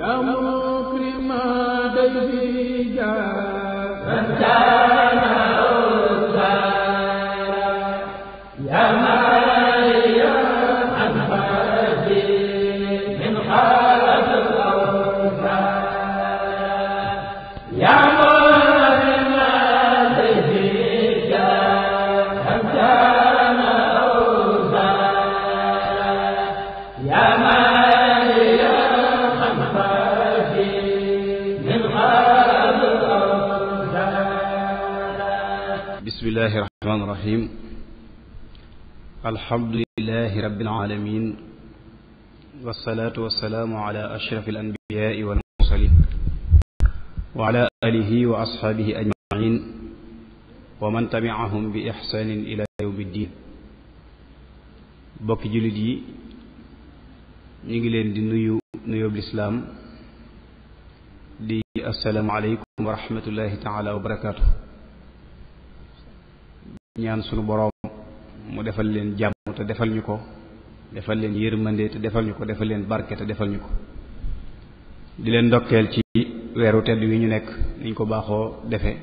يا مكرم ديبي جاء الحمد لله رب العالمين والصلاة والسلام على أشرف الأنبياء والمرسلين وعلى آله وأصحابه أجمعين ومن تبعهم بإحسان إلى يوم الدين بك جلدي نجلين دي نيو نيو بالإسلام دي السلام عليكم ورحمة الله تعالى وبركاته نيان سنو mu defal leen jàmm te defal ñu ko defal leen yërmande te defal ñu ko defal leen barke te defal ñu ko di leen ndokkeel ci weeru tedd wi ñu nekk niñ ko baaxoo defee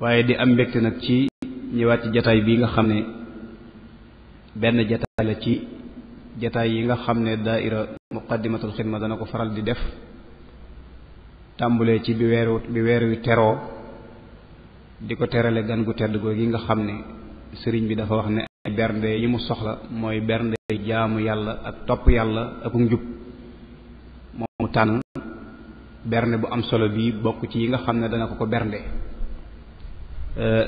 waaye di am mbégte nag ci ñëwaat ci jataay bi nga xam ne benn jataay la ci jataay yi nga xam ne daaira muqaddimatul xidma dana ko faral di def tàmbulee ci bi weeru bi weeru wi teroo di ko terale gan gu tedd googi nga xam ne sëriñ bi dafa wax ne ay bernde yi mu soxla mooy bernde jaamu yàlla ak topp yàlla ak njub moom mu tànn bernde bu am solo bii bokk ci yi nga xam ne dana ko ko bernde euh,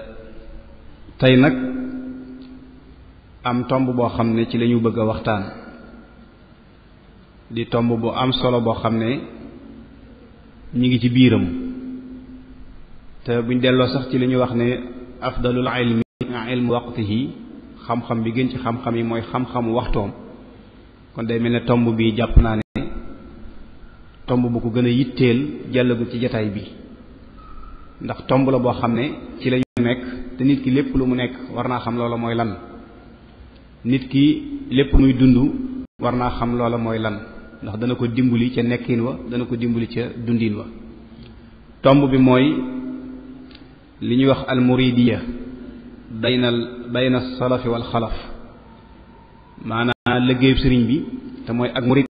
tey nag am tomb boo xam ne ci lañu bëgg a waxtaan di tomb bu am solo boo xam ne ñi ngi ci biiram te buñ delloo sax ci li wax ne afdalul ilmi ilmu waqtihi xam-xam bi gën ci xam-xam yi mooy xam-xamu waxtoom kon day mel ne bi jàpp naa ne tomb bu ko gën a yitteel ci jataay bi ndax tomb la boo xam ne ci lañu nekk te nit ki lépp lu mu nekk war naa xam loola mooy lan nit ki lépp muy dund war xam loola mooy lan ndax dana ko dimbali nekkin wa dana ko dimbali dundin wa bi moy, li wax al baynal bayna salafi wal xalaf maanaam liggéeyu sëriñ bi te mooy ak murid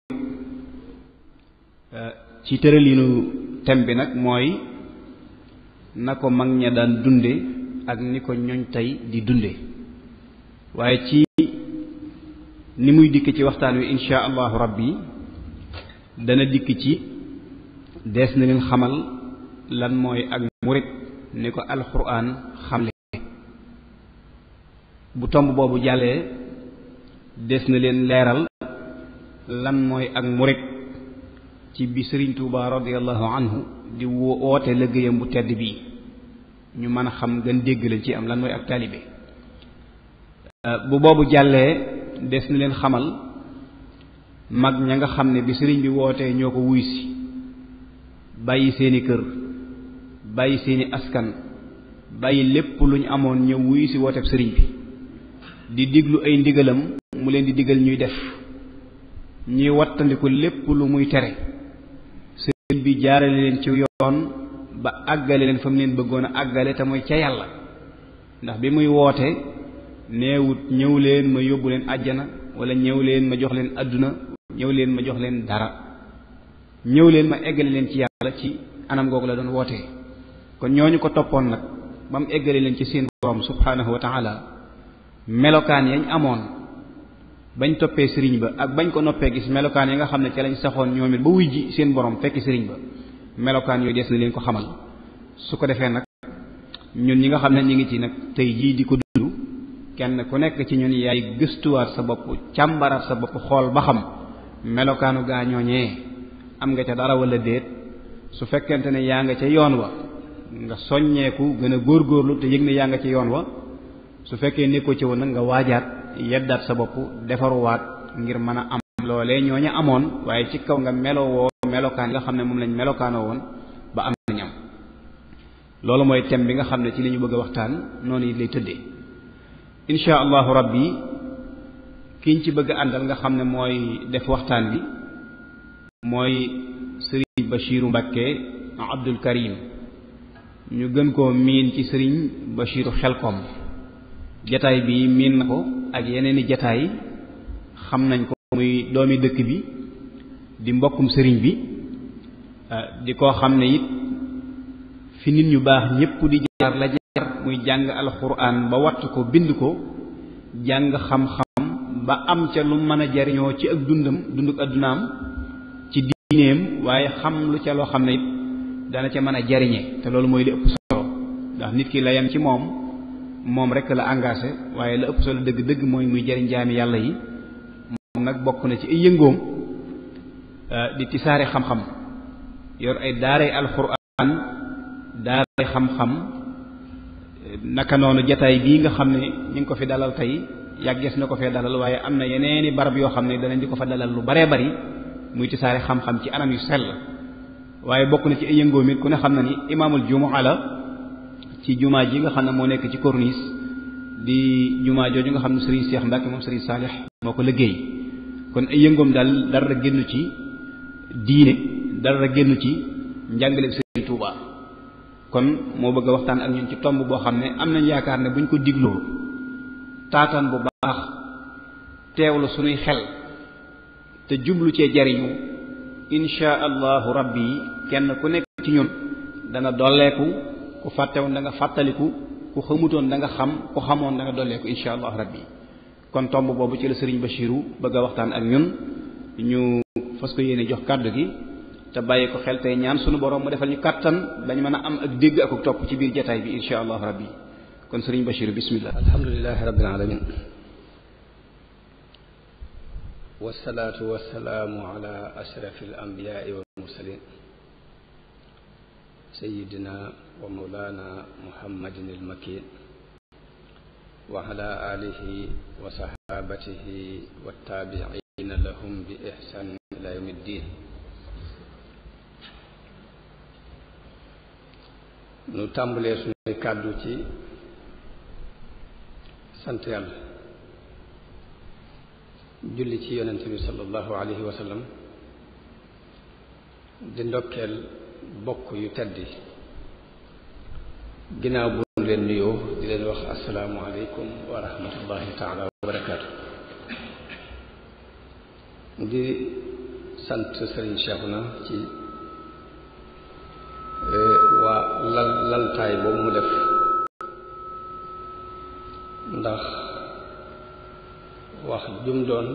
eh, ci tëralinu thème bi nag mooy na ko mag ña daan dunde ak ni ko ñoñ tey di dunde waaye ci ni muy dikk ci waxtaan wi insha allahu yi dana dikk ci dees na leen xamal lan mooy ak murid ni ko alquran xamle bu tomb boobu jàllee des na leen leeral lan mooy ak murit ci bi Sëriñ Tuuba radiyallahu anhu di woote liggéeyam bu tedd bii ñu mën a xam gën dégg lañ ci am lan mooy ak taalibe euh, bu boobu jàllee des na leen xamal mag ña nga xam ne bi sëriñ bi wootee ñoo ko wuy bàyyi seeni kër bàyyi seeni askan bàyyi lépp lu ñu amoon ñëw wuy si wooteeb sëriñ bi di diglu ay ndigalam mu leen di digal ñuy def ñuy wattandiku lépp lu muy tere sëriñ bi jaarale leen ci yoon ba àggale leen fa mu leen bëggoon a àggale te mooy ca yàlla ndax bi muy woote neewut ñëw leen ma yóbbu leen àjjana wala ñëw leen ma jox leen àdduna ñëw leen ma jox leen dara ñëw leen ma eggale leen ci yàlla ci anam googu la doon woote kon ñooñu ko toppoon nag ba mu eggale leen ci seen borom subhaanahu wa taala melokaan yañ amoon bañ toppee sëriñ ba ak bañ ko noppee gis melokaan ya nga xam ne ca lañ saxoon ñoom it ba wuy ji seen borom fekki sëriñ ba melokaan yooyu des na leen ko xamal su ko defee nag ñun ñi nga xam ne ñu ngi ci nag tey jii di ko dund kenn ku nekk ci ñun yaay gëstuwaat sa bopp càmbaraat sa bopp xool ba xam melokaanu gaa ñooñee am nga ca dara wala déet su fekkente ne yaa nga ca yoon wa nga soññeeku gën a góorlu te yëg ne yaa nga ca yoon wa su fekke neko ci won nga wajjat yeddat sa bopp wat ngir meuna am lolé ñoña amon waye ci kaw nga melo woo melokaan nga xamne mom lañ won ba am ñam am moy tem bi nga xamne ci liñu bëgg waxtaan non yi lay tëddee insha allah rabbi kiñ ci bëgg andal nga xamne moy def waxtaan bi moy serigne bashirou mbakke abdul karim ñu gën min min ci serigne bashiru xelkom jotaay bi min nako ak yeneeni jotaay xam nañ ko muy doomi dekk bi di mbokum serigne bi ah, di ko xamne yit fi nit ñu baax ñepp di jaar la jaar muy jang alquran ba wat ko bind ko jang xam-xam ba am ci lu mën jarño ci ak dundum dunduk adunaam ci diineem waye xam lu ci lo xamne dana ci mën jarigne te lolu moy li ëpp solo ndax nit ki la yam ci mom moom rek la engagé waaye la ëpp solo dëgg-dëgg mooy muy jariñ jaami yàlla yi moom nag bokk na ci ay yëngoom euh, di tisaare xam-xam yor ay daaray alxuraan daaray xam-xam naka noonu jataay bii nga xam ne ñu ngi ko fi dalal tey yàggees na ko fee dalal waaye am na yeneeni barab yoo xam ne danañ di ko fa dalal lu baree bari muy tisaare xam-xam ci anam yu sell waaye bokk na ci ay yëngoom ku ne xam na ni imaamul jumu'a la ci jumaa ji nga xam ne moo nekk ci corniche di jumaa jooju nga xam ne Serigne Cheikh Mbacke moom Serigne Salih moo ko liggéey kon ay yëngoom daal dara génn ci diine dara génn ci njàngale Serigne Touba kon moo bëgg waxtaan ak ñun ci tomb boo xam ne am nañ yaakaar ne bu buñ ko digloo taataan bu baax teewlu suñuy xel te jublu cee jariñu insha allahu rabbi kenn ku nekk ci ñun dana dolleeku ku fàttewoon da nga fàttaliku ku xamutoon da nga xam ku xamoon da nga dolleeku incha allah rabbi kon tomb boobu ci la sëriñ Bachiru bëgg a waxtaan ak ñun ñu fas ko yéene jox kàddu gi te bàyyi ko xel te ñaan sunu borom mu defal ñu kàttan dañ mën a am ak dégg ak topp ci biir jataay bi incha allah rabbi kon sëriñ Bachiru bismillah alhamdulilahi rabbil alamin wasalaatu wasalaamu ala ashrafil anbiyaai wal mursalin سيدنا ومولانا محمد المكي وعلى آله وصحابته والتابعين لهم بإحسان إلى يوم الدين نتمبلي سنوي كادوتي سنت يالله جلتي صلى الله عليه وسلم دندوكيل bokk yu tedd yi ginnaaw bu ñu leen nuyoo di leen wax asalaamualeykum wa rahmatullahi taala wa barakaatu di sant sëriñ Cheikhouna ci eh, waa lal laltaay boobu mu def ndax wax jum doon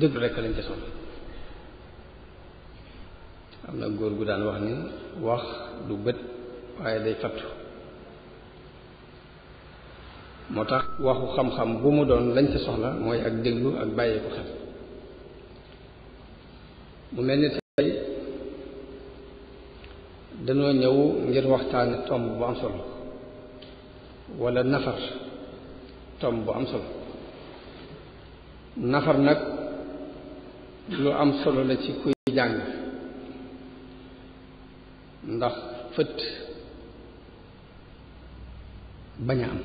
dëgg rekk lañ ca sonn am na góor gu daan wax ni wax du bët waaye day fattu moo tax waxu xam-xam bu mu doon lañ ci soxla mooy ak déglu ak bàyyi xel mu mel ni tey danoo ñëw ngir waxtaane tomb bu am solo wala nafar tomb bu am solo nafar nag lu am solo la ci kuy jàng ndax fët bañ a am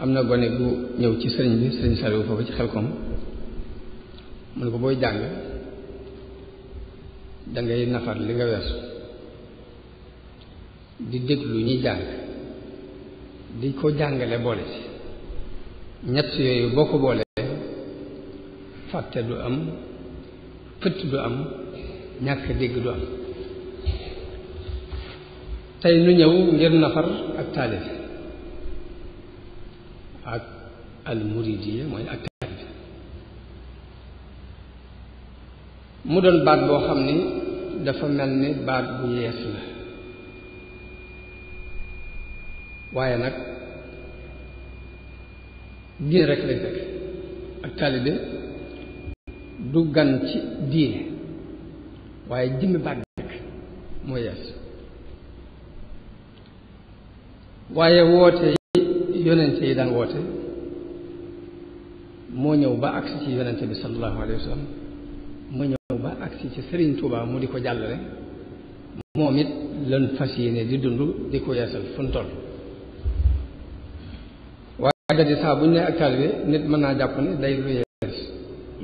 am na gone bu ñëw ci sëriñ bi sëriñ Saliou foofu ci xelkom mu ne ko booy jàng dangay ngay nafar li nga weesu di déglu ñuy jàng di ko jàngale boole ci ñett yooyu boo ko boolee fàtte du am fët du am ñàkk dégg du am tey nu ñëw ngir nafar ak taalib ak al mooy ak taalib mu doon baat boo xam ni dafa mel ni baat bu yees la waaye nag diine rek lay fekk ak taalibe du gan ci diine waaye jëmmi baat bi rek moo yees waaye woote yonente yi daan woote moo ñëw ba agsi ci yonente bi sallallahu alayhi wa sallam ñëw ba agsi ci Serigne Touba mu di ko jàllale moom it lan fas yéene di dund di ko yeesal fu waaye da di bu ñu nee ak taalibe nit mën naa jàpp ne day lu yees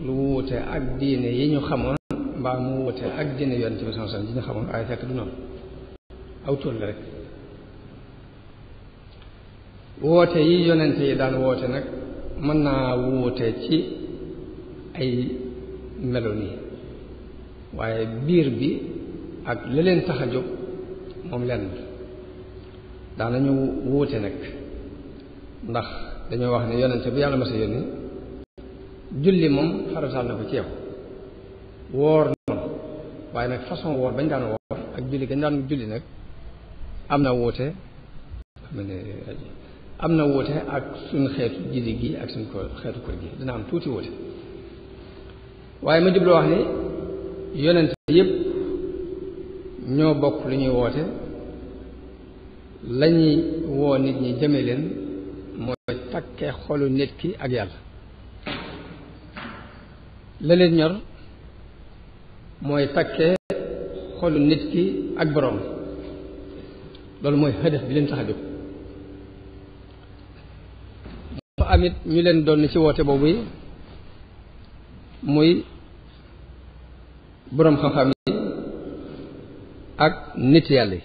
lu wuute ak diine yi ñu xamoon mbaa mu wute ak jëne yoon ci bi sama ji ñu xamoon waaye fekk du noonu aw tur rek woote yi yonente yi daan woote nag mën naa woote ci ay melo nii waaye biir bi ak la leen tax a jóg moom lenn daanañu wuute nag ndax dañoo wax ne yonente bi yàlla mas a yónni julli moom farataal na ko ci yow woor noonu waaye nag façon woor bañ daan woor ak julli gañ daan julli nag am na woote am na woote ak suñ xeetu jidi gi ak suñ ko xeetu kër gi dina am tuuti woote waaye ma jubloo wax ne yonent yëpp ñoo bokk lu ñuy woote lañuy woo nit ñi jëme leen mooy takkee xolu nit ki ak yàlla la leen ñor mooy takkee xolu nit ki ak boroom loolu mooy hadaf bi leen tax a jóg dafa amit ñu leen doon ci woote boobu yi muy boroom xam-xam yi ak nit yàlla yi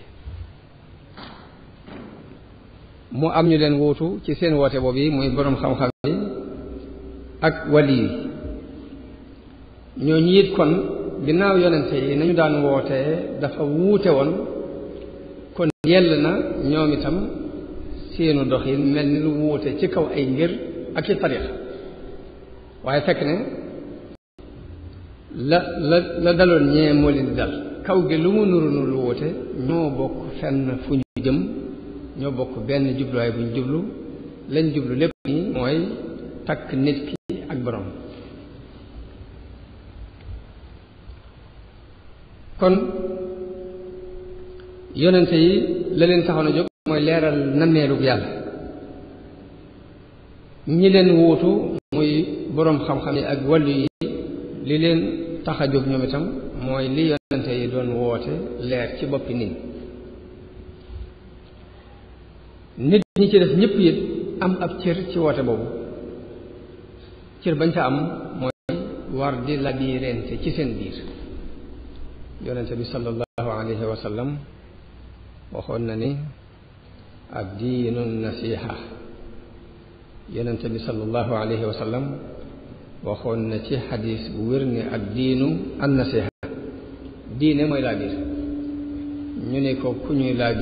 mu am ñu leen wuutu ci seen woote boobu yi muy boroom xam-xam yi ak wali yi ñoo ñiit kon ginnaaw yonente yi nañu daan wootee dafa wuute woon kon yell na ñoom itam seenu doxin mel ni lu wuute ci kaw ay ngir ak i tariix waaye fekk ne la la la daloon ñee moo leen dal kaw gi lu mu nuru nuru lu wuute ñoo bokk fenn fu ñu jëm ñoo bokk benn jubluwaay buñ jublu lañ jublu lépp nii mooy takk nit ki ak borom kon yonente yi la leen taxoon a jóg mooy leeral nameelub yàlla ñi leen wuutu muy boroom xam-xam yi ak wàllu yi li leen tax a jóg ñoom itam mooy li yonente yi doon woote leer ci boppi nit nit ñi ci def ñëpp it am ab cër ci woote boobu cër bañ ca am mooy war di labiirente ci seen biir yonente bi sallallahu alayhi wa sallam waxoon na ni ad diinu nasiha yonente bi sallallahu alayhi wa sallam waxoon na ci xadis bu wér ne ad diinu an nasiha diine mooy laa ñu ne ko ku ñuy laa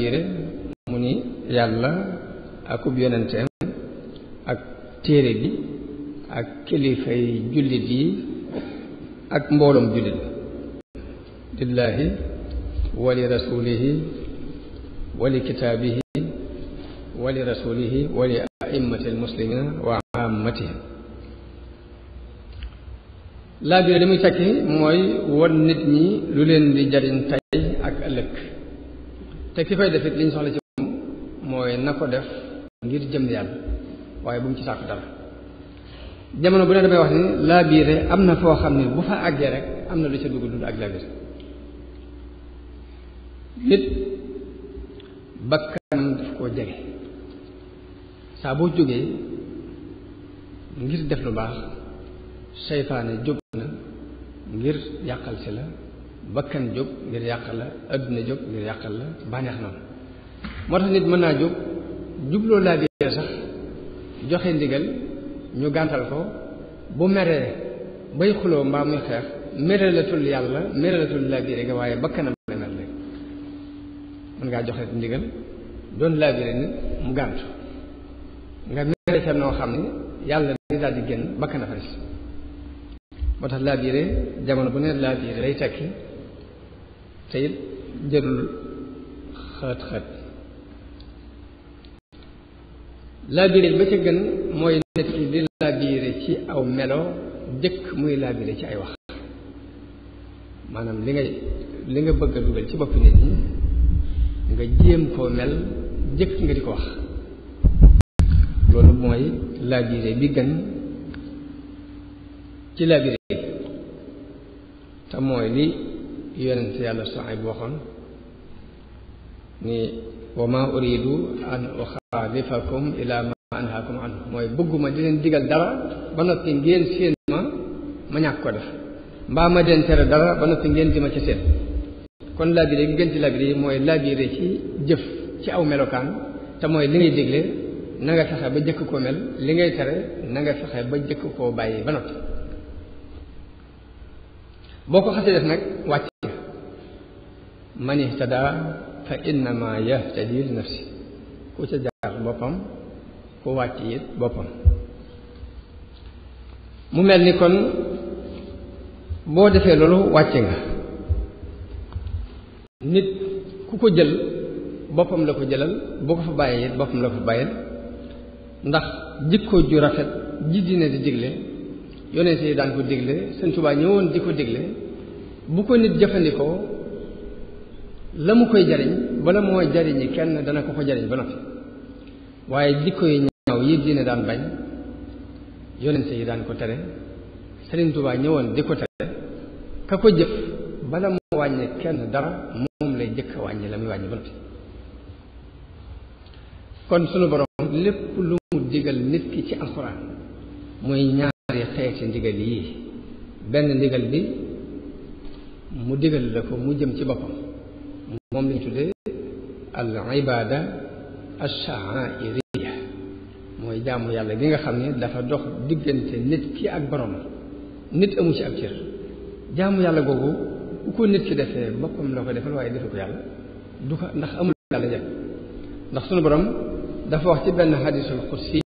mu ni yàlla akub yonenteem ak téere bi ak kilifay jullit yi ak mbooloom jullit lillahi wa li rasulihi wa li kitaabihi wa li rasulihi almuslimina wa ammatihim laa biir li muy tekki mooy won nit ñi lu leen di jariñ tey ak ëllëg te ki koy def it li ñu soxla ci moom mooy na ko def ngir jëm yàlla waaye bu mu ci sàkku dara jamono bu ne damay wax ni laa biire am na foo xam ne bu fa àggee rek am na lu ci dugg dund ak laa biir nit bakkanam daf koo jege saa boo jógee ngir def lu baax seytaane jóg na ngir yàqal si la bakkan jóg ngir yàqal la adduna jóg ngir yàqal la bànneex na moo tax nit mën naa jóg jubloo laa biir sax joxe ndigal ñu gàntal ko bu meree bay xuloo mbaa muy xeex meralatul yàlla meralatul laa biir waaye bakkanam mën ngaa joxe ndigal doon laabire nit mu gàntu nga mere ca noo xam ne yàlla day daal di génn bakk na faris moo tax laabire jamono bu ne laabire lay tekki te it jërul xët xët laabire ba ca gën mooy nit laabire ci aw melo jëkk muy laabire ci ay wax maanaam li ngay li nga bëgg a dugal ci bopp nit ñi nga jéem koo mel jëkk nga di ko wax loolu mooy laabiré bi gën ci laabiré bi te mooy li yonent yàlla Shuayb waxoon ni wa ma uridu an uxaalifakum ila ma anhaakum an mooy bëgguma di leen digal dara ba noppi ngeen séen ma ma ñàkk ko def mbaa ma den tere dara ba noppi ngeen di ma ci seen kon labiré gi gën ci labiré mooy labiré ci jëf ci aw melokaan te mooy li ngay dégle nanga nga fexe ba jëkk ko mel li ngay tere na nga fexe ba jëkk koo bàyyi ba boo ko xasee def nag wàcc man ihtada fa innama ya li nafsi ku ca jaar boppam ku wàcc it boppam mu mel ni kon boo defee loolu wàcc nga nit ku ko jël boppam la ko jëlal boo ko fa bàyyee it boppam la ko bàyyeel ndax jikko ju rafet ji diine di digle yonent yi daan ko digle Sëñ Tuubaa ñëwoon di ko digle bu ko nit jëfandikoo la mu koy jariñ bala kenn dana ko ko jariñ waaye jikko yi ñaaw yi diine daan bañ yonent yi daan ko tere Sëriñ Tuubaa ñëwoon di ko tere ka ko jëf bala moo wàññi kenn dara njëkk a wàññi la muy wàññi noppi kon sunu borom lépp lu mu digal nit ki ci alxuraan muy ñaari xeeti ndigal yii benn ndigal bi mu digal la ko mu jëm ci boppam moom lañ tuddee al ibada ash-sha'airiyya mooy jaamu yàlla bi nga xam ne dafa dox diggante nit ki ak boroom nit amu ci ab cër jaamu yàlla googu ku ko nit ki defee boppam la ko waaye defe ko yàlla ndax amul yàlla njëkk ndax sunu borom dafa wax ci benn xadisul qudsi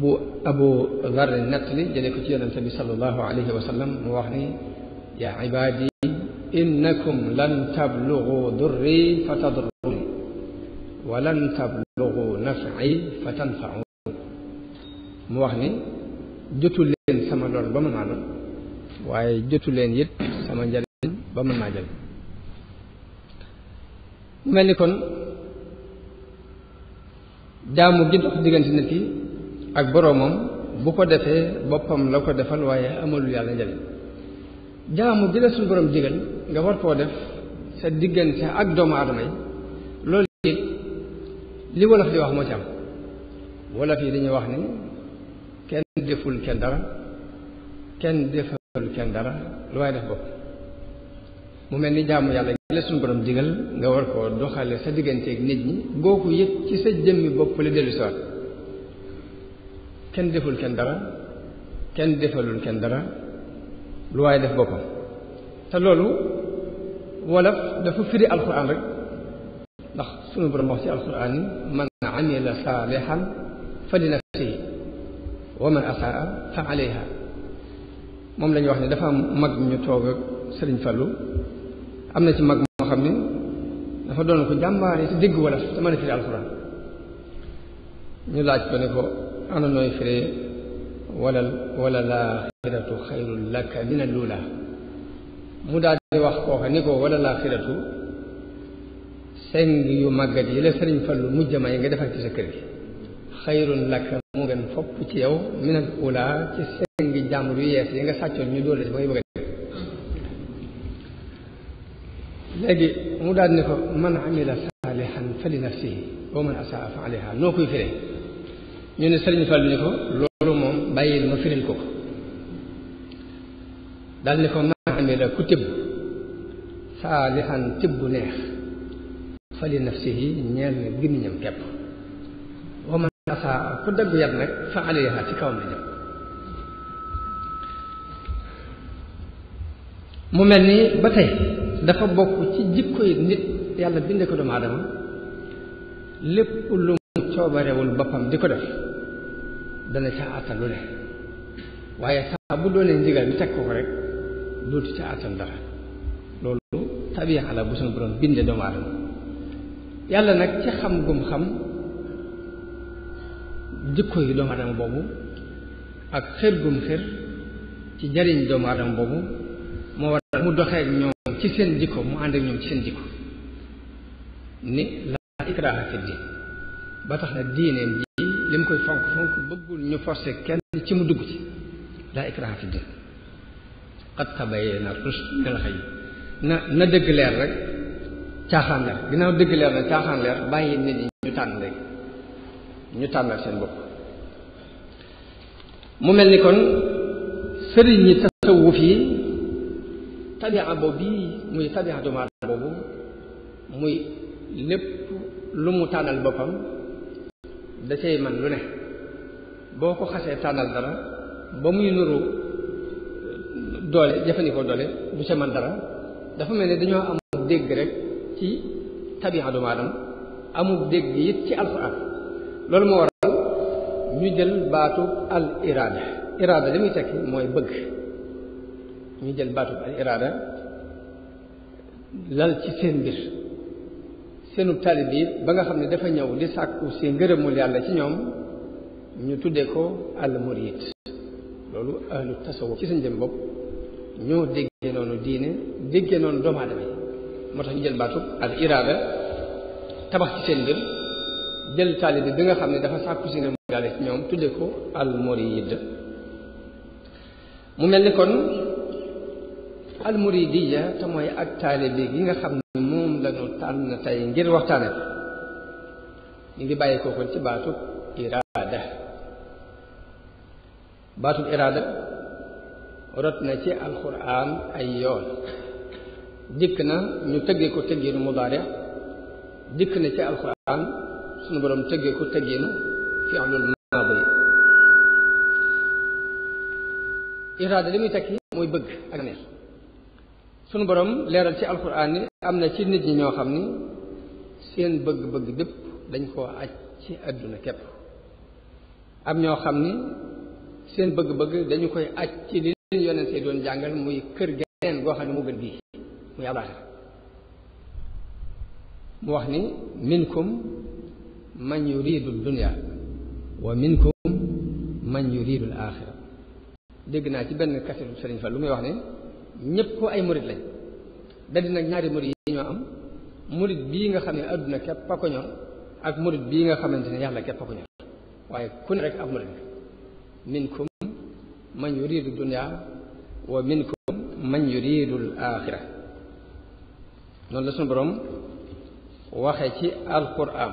bu abu dhar nettali jëlee ko ci yonente bi sallallahu alayhi wa sallam mu wax ni yaa ibaadi innakum lan tablugu durri fa tadurruni wa tablugu nafci fa tanfauni mu wax ni jotu leen sama lool ma naanoon waaye jotu leen it sama njëriñ ba mën naa mel ni kon jaamu gi dox diggante nit ki ak boroomam bu ko defee boppam la ko defal waaye amalu yàlla njëriñ jaamu gi la suñu borom nga war koo def sa diggante ak doomu aadama yi loolu it li wolof di wax moo ci am wolof yi dañuy wax ni kenn deful kenn dara kenn defalul kenn dara lu waaye def bopp mu mel ni jàmm yàlla la suñu borom digal nga war ko doxale sa digganteeg nit ñi boo ko yëg ci sa jëmmi bopp la dellu siwaat kenn deful kenn dara kenn defalul kenn dara lu waaye def boppam te loolu wolof dafa firi alquran rek ndax sunu borom wax ci alquran ni man amila saalihan fa li nafsihi wa man asaa fa alayha moom la wax ne dafa am mag ñu toog ak Sëriñ falu am na ci mag moo xam ne dafa doon ko jàmbaare ci dégg wala te mën a alxuraan ñu laaj ko ne ko ana nooy firi wala wala laaxiratu xayrun laka min alula mu daal di wax kooka ni ko wala laaxiratu seng yu màggat yi la sëriñ Fallu mujj may nga defal ci sa kër gi xayrun laka mu ngeen fopp ci yow min alula ci seng jàmbur yu yees yi nga sàccoon ñu doole ci ba ngay bëgg léegi mu daal ne ko man amila saalihan fa li nafsihi wa man asaa fa alayha noo koy firee ñu ne sëriñ Fall ni ko loolu moom bàyyil ma firil ko ko daal ne ko man amila ku tibb saalihan tibb nag fa alayha ci kawam la jëm mu mel ni ba tey dafa bokk ci jikko yi nit yàlla bindee ko doomu aadama lépp lu mu coobarewul boppam di ko def dana ca àttan lu ne waaye saa bu doonee ndigal bi teg ko ko rek dootu ca àttan dara loolu tabiya la bu suñu bindee doomu aadama yàlla nag ci xam gum xam jikko yi doomu aadama boobu ak xër gum xër ci jariñ doomu aadama boobu moo waral mu doxee ñoom ñoom ci seen jikko mu ànd ak ñoom ci seen jikko ni la ikraha fi ba tax na diineem ji li mu koy fonk fonk bëggul ñu forcé kenn ci mu dugg ci la ikraha fi diin qad tabayyana rushd minal na na dëgg leer rek caaxaan leer ginnaaw dëgg leer rek caaxaan bàyyi nit ñi ñu tànn rek ñu tànnal seen bopp mu mel ni kon sëriñ ñi tasawuf yi tabia boobu bii muy tabia doomu aadama boobu muy lépp lu mu tànnal boppam da cay man lu ne boo ko xasee tànnal dara ba muy nuru doole jëfandikoo doole du ca man dara dafa mel ne dañoo amul dégg rek ci tabia doomu aadama amul dégg it ci alxuraan loolu moo waral ñu jël baatu al iraada iraada li muy tekki mooy bëgg ñu jël baatub al iraada lal ci seen mbir seenub taalib yi ba nga xam ne dafa ñëw di sàkku si ngërëmul yàlla ci ñoom ñu tuddee ko al murid loolu ahlu tasawuf ci seen jëm bopp ñoo déggee noonu diine déggee noonu doomu aadama yi moo tax ñu jël baatub al iraada tabax ci seen mbir jël taalib bi nga xam ne dafa sàkku si ngërëmul yàlla ci ñoom tuddee ko al murid mu mel ni kon almuridiya te mooy ak taalibe gi nga xam ni moom lañu tànn tey ngir waxtaane ñu ngi bàyyi ko ci baatub iraada baatub iraada rot na ci alquran ay yoon dikk na ñu tëggee ko tëggiinu mudaare dikk na ci alquran suñu boroom tëggee ko tëggiinu fi'lul maadi iraada li muy tekki mooy bëgg ak neex sunu borom leeral ci alquran ni am na ci nit ñi ñoo xam ni seen bëgg-bëgg bépp dañ koo aj ci àdduna képp am ñoo xam ni seen bëgg-bëgg dañu koy aj ci li leen yonent yi doon jàngal muy kër geneen goo xam ne mu gën bii muy alaaxira mu wax ni minkum man yuridu dunya wa minkum man yuridu al dégg naa ci benn kasetu Sëriñ Fall lu muy wax ni ñépp ñëpp ay murit lañ daldi nag ñaari murit yi ñoo am murit bii nga xam ne àdduna képp a ko ñor ak murit bii nga xamante ne yàlla képp a ko ñor waaye ku ne rek am murit la minkum man yuridu dunya wa minkum man yuridul axira noonu la suñu borom waxee ci alquran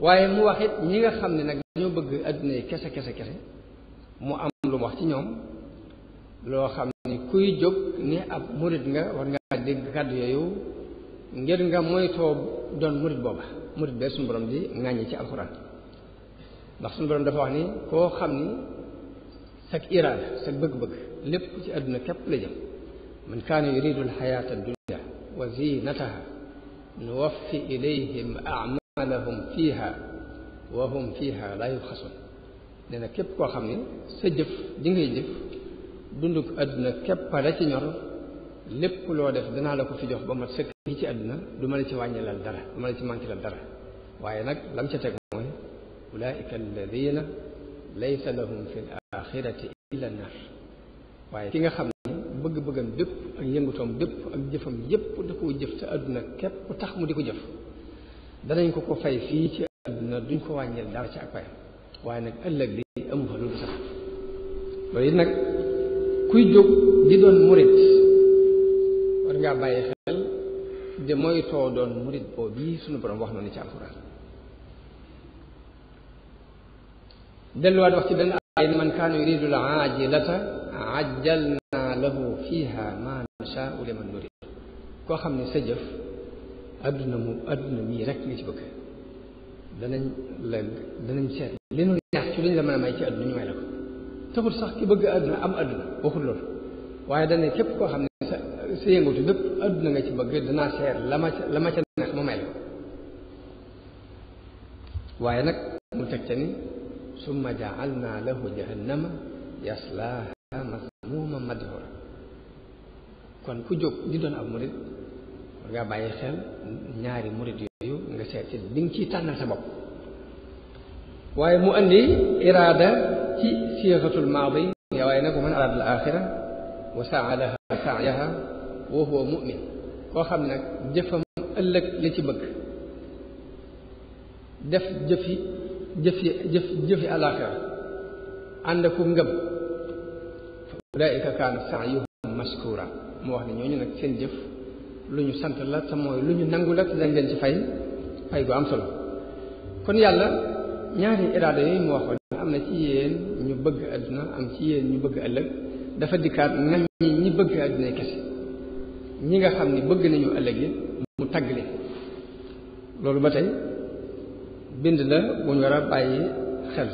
waaye mu wax ñi nga xam ne nag dañoo bëgg àdduna yi kese kese kese mu am lu mu wax ci ñoom loo xam ni kuy jóg ni ab murit nga war ngaa dégg kàddu yooyu ngir nga moytoo doon murit booba murit bee suñu borom di ŋàññi ci alxuraan ndax suñu borom dafa wax ni koo xam ni sag iraada sag bëgg-bëgg lépp ci àdduna képp la jëm man kaana yuridu alxayaata addunia wa zinataha nuwaffi ilayhim amalahum fiha wa hum fiha la yubxasun nee na képp koo xam ni sa jëf ji ngay jëf dunduk aduna képp la ci ñor lépp lo def dina la ko fi jox ba ma sëkk ci ci aduna du ma la ci wàññilal dara du ma la ci la dara waye nak lam ci tek moy ulaiikal alladina laysa lahum fil akhirati illa an nar waye ki nga xam bëgg-bëggam dépp ak yëngutom dépp ak jëfam yépp da ko jëf ci aduna kep tax mu diko ko jëf danañ ko ko fay fi ci aduna duñ ko wàññil dara ci akpay waye nak nag ëllëg li amu fa lu sax loolu nak kuy jóg di doon murit war ngaa bàyyi xel de mooy too doon murit boo bii sunu borom wax noonu ci alxuraan delluwaat wax ci benn ay man kaana yuridu la ajilata ajjalna lahu fiha ma nashaau liman nurid koo xam ne sa jëf adduna mu adduna mii rek nga ci bëgg danañ la danañ seet li nu neex ci lu ñu la mën a may ci adduna ñu may la ko taxul sax ki bëgg àdduna am àdduna waxul loolu waaye dane képp koo xam ne sa sa yëngatu lépp àdduna nga ci bëgg danaa seer la ma ca la ma ca neex mu nag mu teg ca ni summa ja'alna lahu jahannama yaslaaha masmuuma madhura kon ku jóg di doon ab murit war bàyyi xel ñaari murit yooyu nga seet ci di nga tànnal sa bopp waaye mu andi iraada ci siixatul maadi waaye nag wa man araada al axira wa saa laha saayaha wa huwa mumin koo xam nag jëfam ëllëg la ci bëgg def jëfi jëfi jëf jëfi alaxira ànd ku ngëm fa ulaika kaana saayuhum maskura mu wax ne ñooñu nag seen jëf lu ñu sant la te mooy lu ñu nangu la te dañ leen ci fay fay gu am solo kon yàlla ñaari iraada yooyu mu waxoon am na ci yéen ñu bëgg àdduna am ci yéen ñu bëgg ëllëg dafa dikkaat nañ ñi ñi bëgg àdduna kese ñi nga xam ni bëgg nañu ëllëg yi mu tagg leen loolu ba tey bind la bu ñu war a bàyyi xel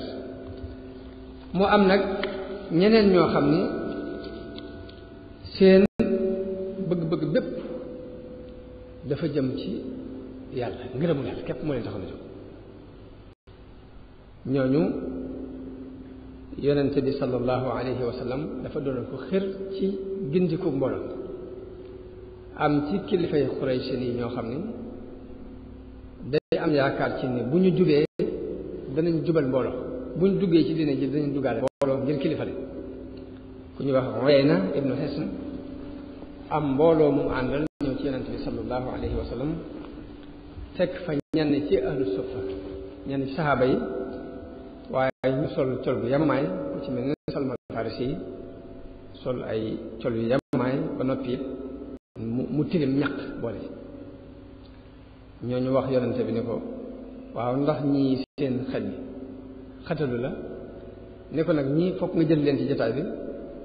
mu am nag ñeneen ñoo xam ni seen bëgg-bëgg bépp dafa jëm ci yàlla ngërëmu yàlla képp moo leen taxaw na jóg ñooñu yonente bi sallallahu alayhi wa sallam dafa doon ko xër ci gindiku mbooloo am ci kilifay Quraysh yi ñoo xam ni day am yaakaar ci ni bu ñu jubee danañ jubal mbooloo bu ñu duggee ci diine ji danañ duggaale mbooloo ngir kilifa li ku ñu wax Uyayna ibnu Hisn am mbooloo mu àndal ñëw ci yonente bi sallallahu alayhi wa fekk fa ñenn ci ahlu suffa ñenn ci saxaaba yi waaye ñu sol col gu yemmaay ku ci mel ne Salman Farisi sol ay col yu yemmaay ba noppi it mu mu tilim ñaq boole ñooñu wax yonente bi ne ko waaw ndax ñii seen xel yi xatalu la ne ko nag ñii foog nga jël leen ci jataay bi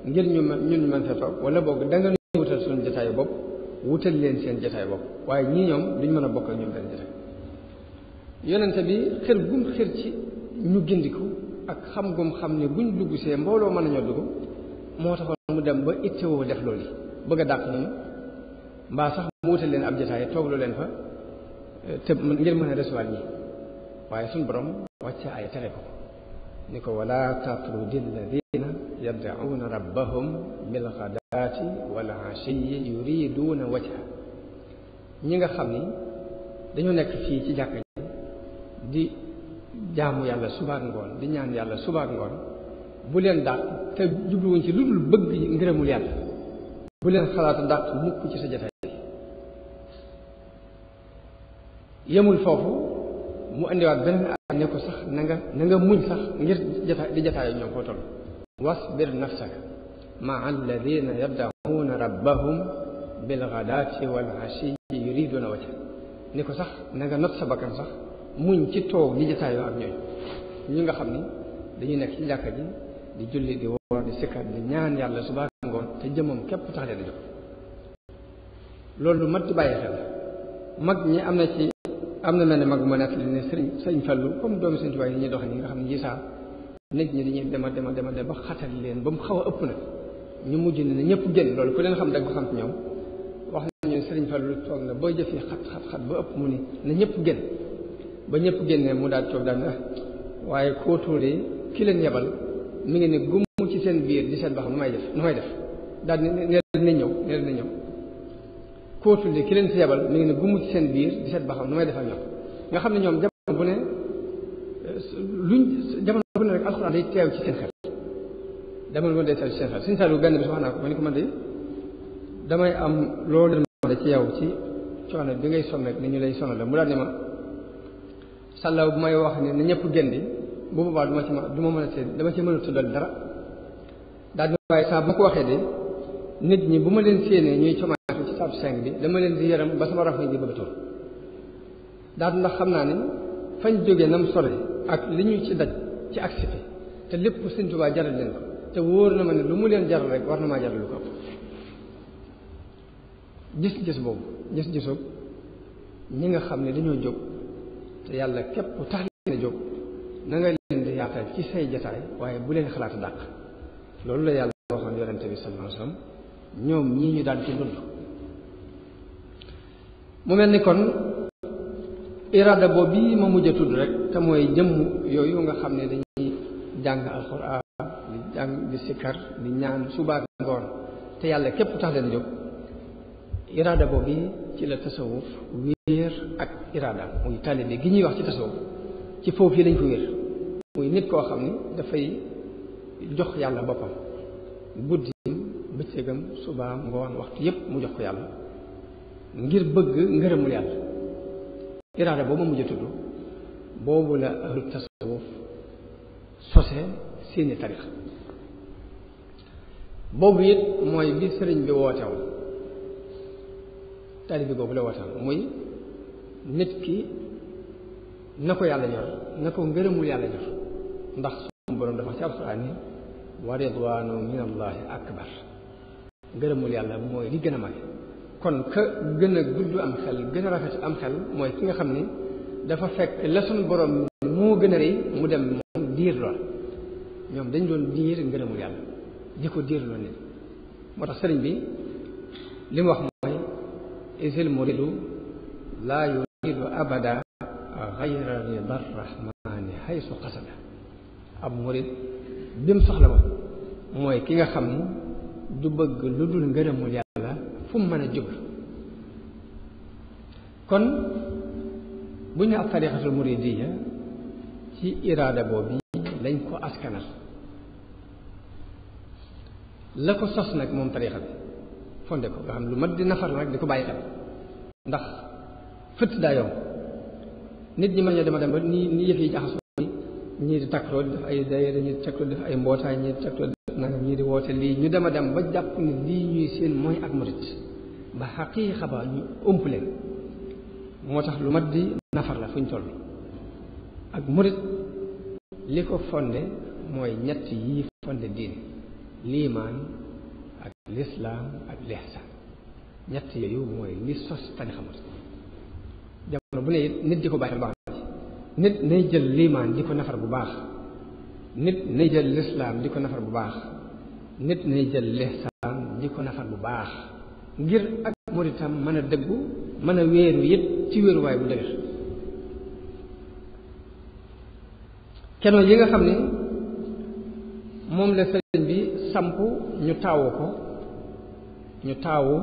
ngir ñu ñun ñu mën fee toog wala boog danga ñu wutal suñu jataay bopp wutal leen seen jataay bopp waaye ñii ñoom duñ mën a bokk ak ñoom jataay yonente bi xir gum xir ci ñu gindiku ak xam gum xam ne buñ dugg see mbooloo mën nañoo dugg moo taxoon mu dem ba ittewoo def loolu bëgg a dàq ñun mbaa sax mu wutal leen ab jotaay toogloo leen fa eh, te ngir mën a recevoir ñi waaye suñ borom wàcce ay tere ko ni ko wala tatrudi alladina yad'uuna rabbahum bilxadaati wal ashiyi yuriduuna wajha ñi nga xam ni dañu nekk fii ci jàkka ji di jaamu yàlla subaat ngoon di ñaan yàlla subaak ngoon bu leen dàq te jubluwuñ ci lu dul bëgg ngërëmul yàlla bu leen xalaatu dàq mukk ci sa jataay yemul foofu mu indiwaat beneen aaya ne ko sax na na nga muñ sax wasbir nafsaka maa alladina yabdaxuuna rabbahum bilgadaati wal asiyi yuriduna wajha ni ko sax na not sa bakkan sax muñ ci toog di jataayoo ak ñooñu ñi nga xam ni dañuy nekk ci jàkka ji di julli di woor di sikkat di ñaan yàlla suba ngoon te jëmmam képp tax leen a jóg loolu lu mat ci bàyyi xel mag am na ci am na ne mag nekk li ne sëriñ sëriñ Fallu comme doomi sëriñ Tuubaa yi ñuy doxe nii nga xam ne gisaa nit ñi dañuy dema dema dema dem ba xatal leen ba mu xaw a ëpp nag ñu mujj ni ñëpp génn loolu ku leen xam dag ko xam ci ñoom wax nañu sëriñ Fallu toog na ba jëfee xat xat xat ba ëpp mu ni na ñëpp génn ba ñëpp génne mu daal toog daal waaye koo tuuree ki leen yebal mu ngi ne gumm ci seen biir di seen ba nu may def nu may def daal ne ne ñëw ne na ñëw koo tuuree ki leen si yebal mi ngi ne gumm ci seen biir di seen ba xam nu may def ak nga xam ne ñoom jamono bu ne luñ jamono bu ne rek alxuraan day teew ci seen xel jamono bu ne day ci seen xel suñu saalu benn bi wax naa ko ma ni ko man de damay am loolu da ci yow ci coono bi ngay sonn rek ni ñu lay sonal mu daal ne sàllaaw bu may wax ne na ñëpp génn bu boobaa du ma ci ma du ma mën a seet dama ci mën a tuddal dara daal di waaye saa ko waxee de nit ñi bu ma leen séenee ñuy comaatu ci saabu cinq bi dama leen di yaram ba sama rafet di bëgg a tur ndax xam naa ne fañ jógee nam ak li ñu ci daj ci accepté te lépp Sëñ Tuubaa jaral leen ko te wóor na ma ne lu mu leen jaral rek war na maa jaral ko gis-gis boobu gis-gisu ñi nga xam ne dañoo jóg te yàlla képp tax leen a jóg na nga leen yaatal ci say jataay waaye bu leen xalaat dàq loolu la yàlla waxoon yonente bi sallallahu alayhi wasallam ñoom ñi ñu daan ci dund mu mel ni kon irada boobu bii ma mujj tudd rek te mooy jëmm yooyu nga xam ne dañuy jàng alxuraan di jàng di sikkar di ñaan subaak ngoon te yàlla képp tax leen jóg iraada boobu ci la tasawuf wéer ak iraada muy taalibe gi ñuy wax ci tasawuf ci foofu yi lañ ko wéer muy nit koo xam ni dafay jox yàlla boppam guddi bëccëgam subaam ngoon waxtu yépp mu jox ko yàlla ngir bëgg ngërëmul yàlla iraada boobu ma mujj tudd boobu la ahlu tasawuf sose seeni tarix boobu it mooy bi sëriñ bi wootewoon taalibe boobu la wootal muy nit ki na ko yàlla ñor na ko ngërëmul yàlla ñor ndax suñu borom dafa ci wa ridwaanu min allahi akbar ngërëmul yàlla mooy li gën a mag kon ka gën a gudd am xel gën a rafet am xel mooy ki nga xam ni dafa fekk la suñu moo gën a rëy mu dem moom diir lool ñoom dañ doon diir ngërëmul yàlla di ko diir lool nit moo tax sëriñ bi li mu wax إذ المريد لا يريد أبدا غير رضا الرحمن حيث قصده أب مريد بيم صحلا موي كيغا خم دو بغ لودول غرمو يالا فم مانا جوغ كون بني الطريقة المريدية تي إرادة بوبي لنكو أسكنا لكو سسنك من طريقة fondé ko lu mat di nafar rek di ko bàyyi xel ndax fët daa yomb nit ñi mañoo ñoo dema dem ba ni ni yëf yi jaxasoo ñii di takkaloo di def ay daayira ñii di takkaloo di def ay mbootaay ñii di takkaloo woote lii ñu dem a dem ba jàpp ne lii ñuy seen mooy ak murit ba xaqiiqa ba ñu ëmp leen moo tax lu mat di nafar la fu ñu ak murit li ko fonde mooy ñett yii fonde diine liimaan ak lislaam ak lihsaan ñett yooyu mooy li sos tarixa mu jamono bu ne it nit di ko bàyyi baax nit nay jël liimaan di ko nafar bu baax nit nay jël lislaam di ko nafar bu baax nit nay jël lihsaan di ko bu baax ngir ak muritam mën a dëggu mën a wéeru it ci wéeruwaay bu dëgër kenoon yi nga xam ne moom la sëriñ bi samp ñu taawu ko ñu taawu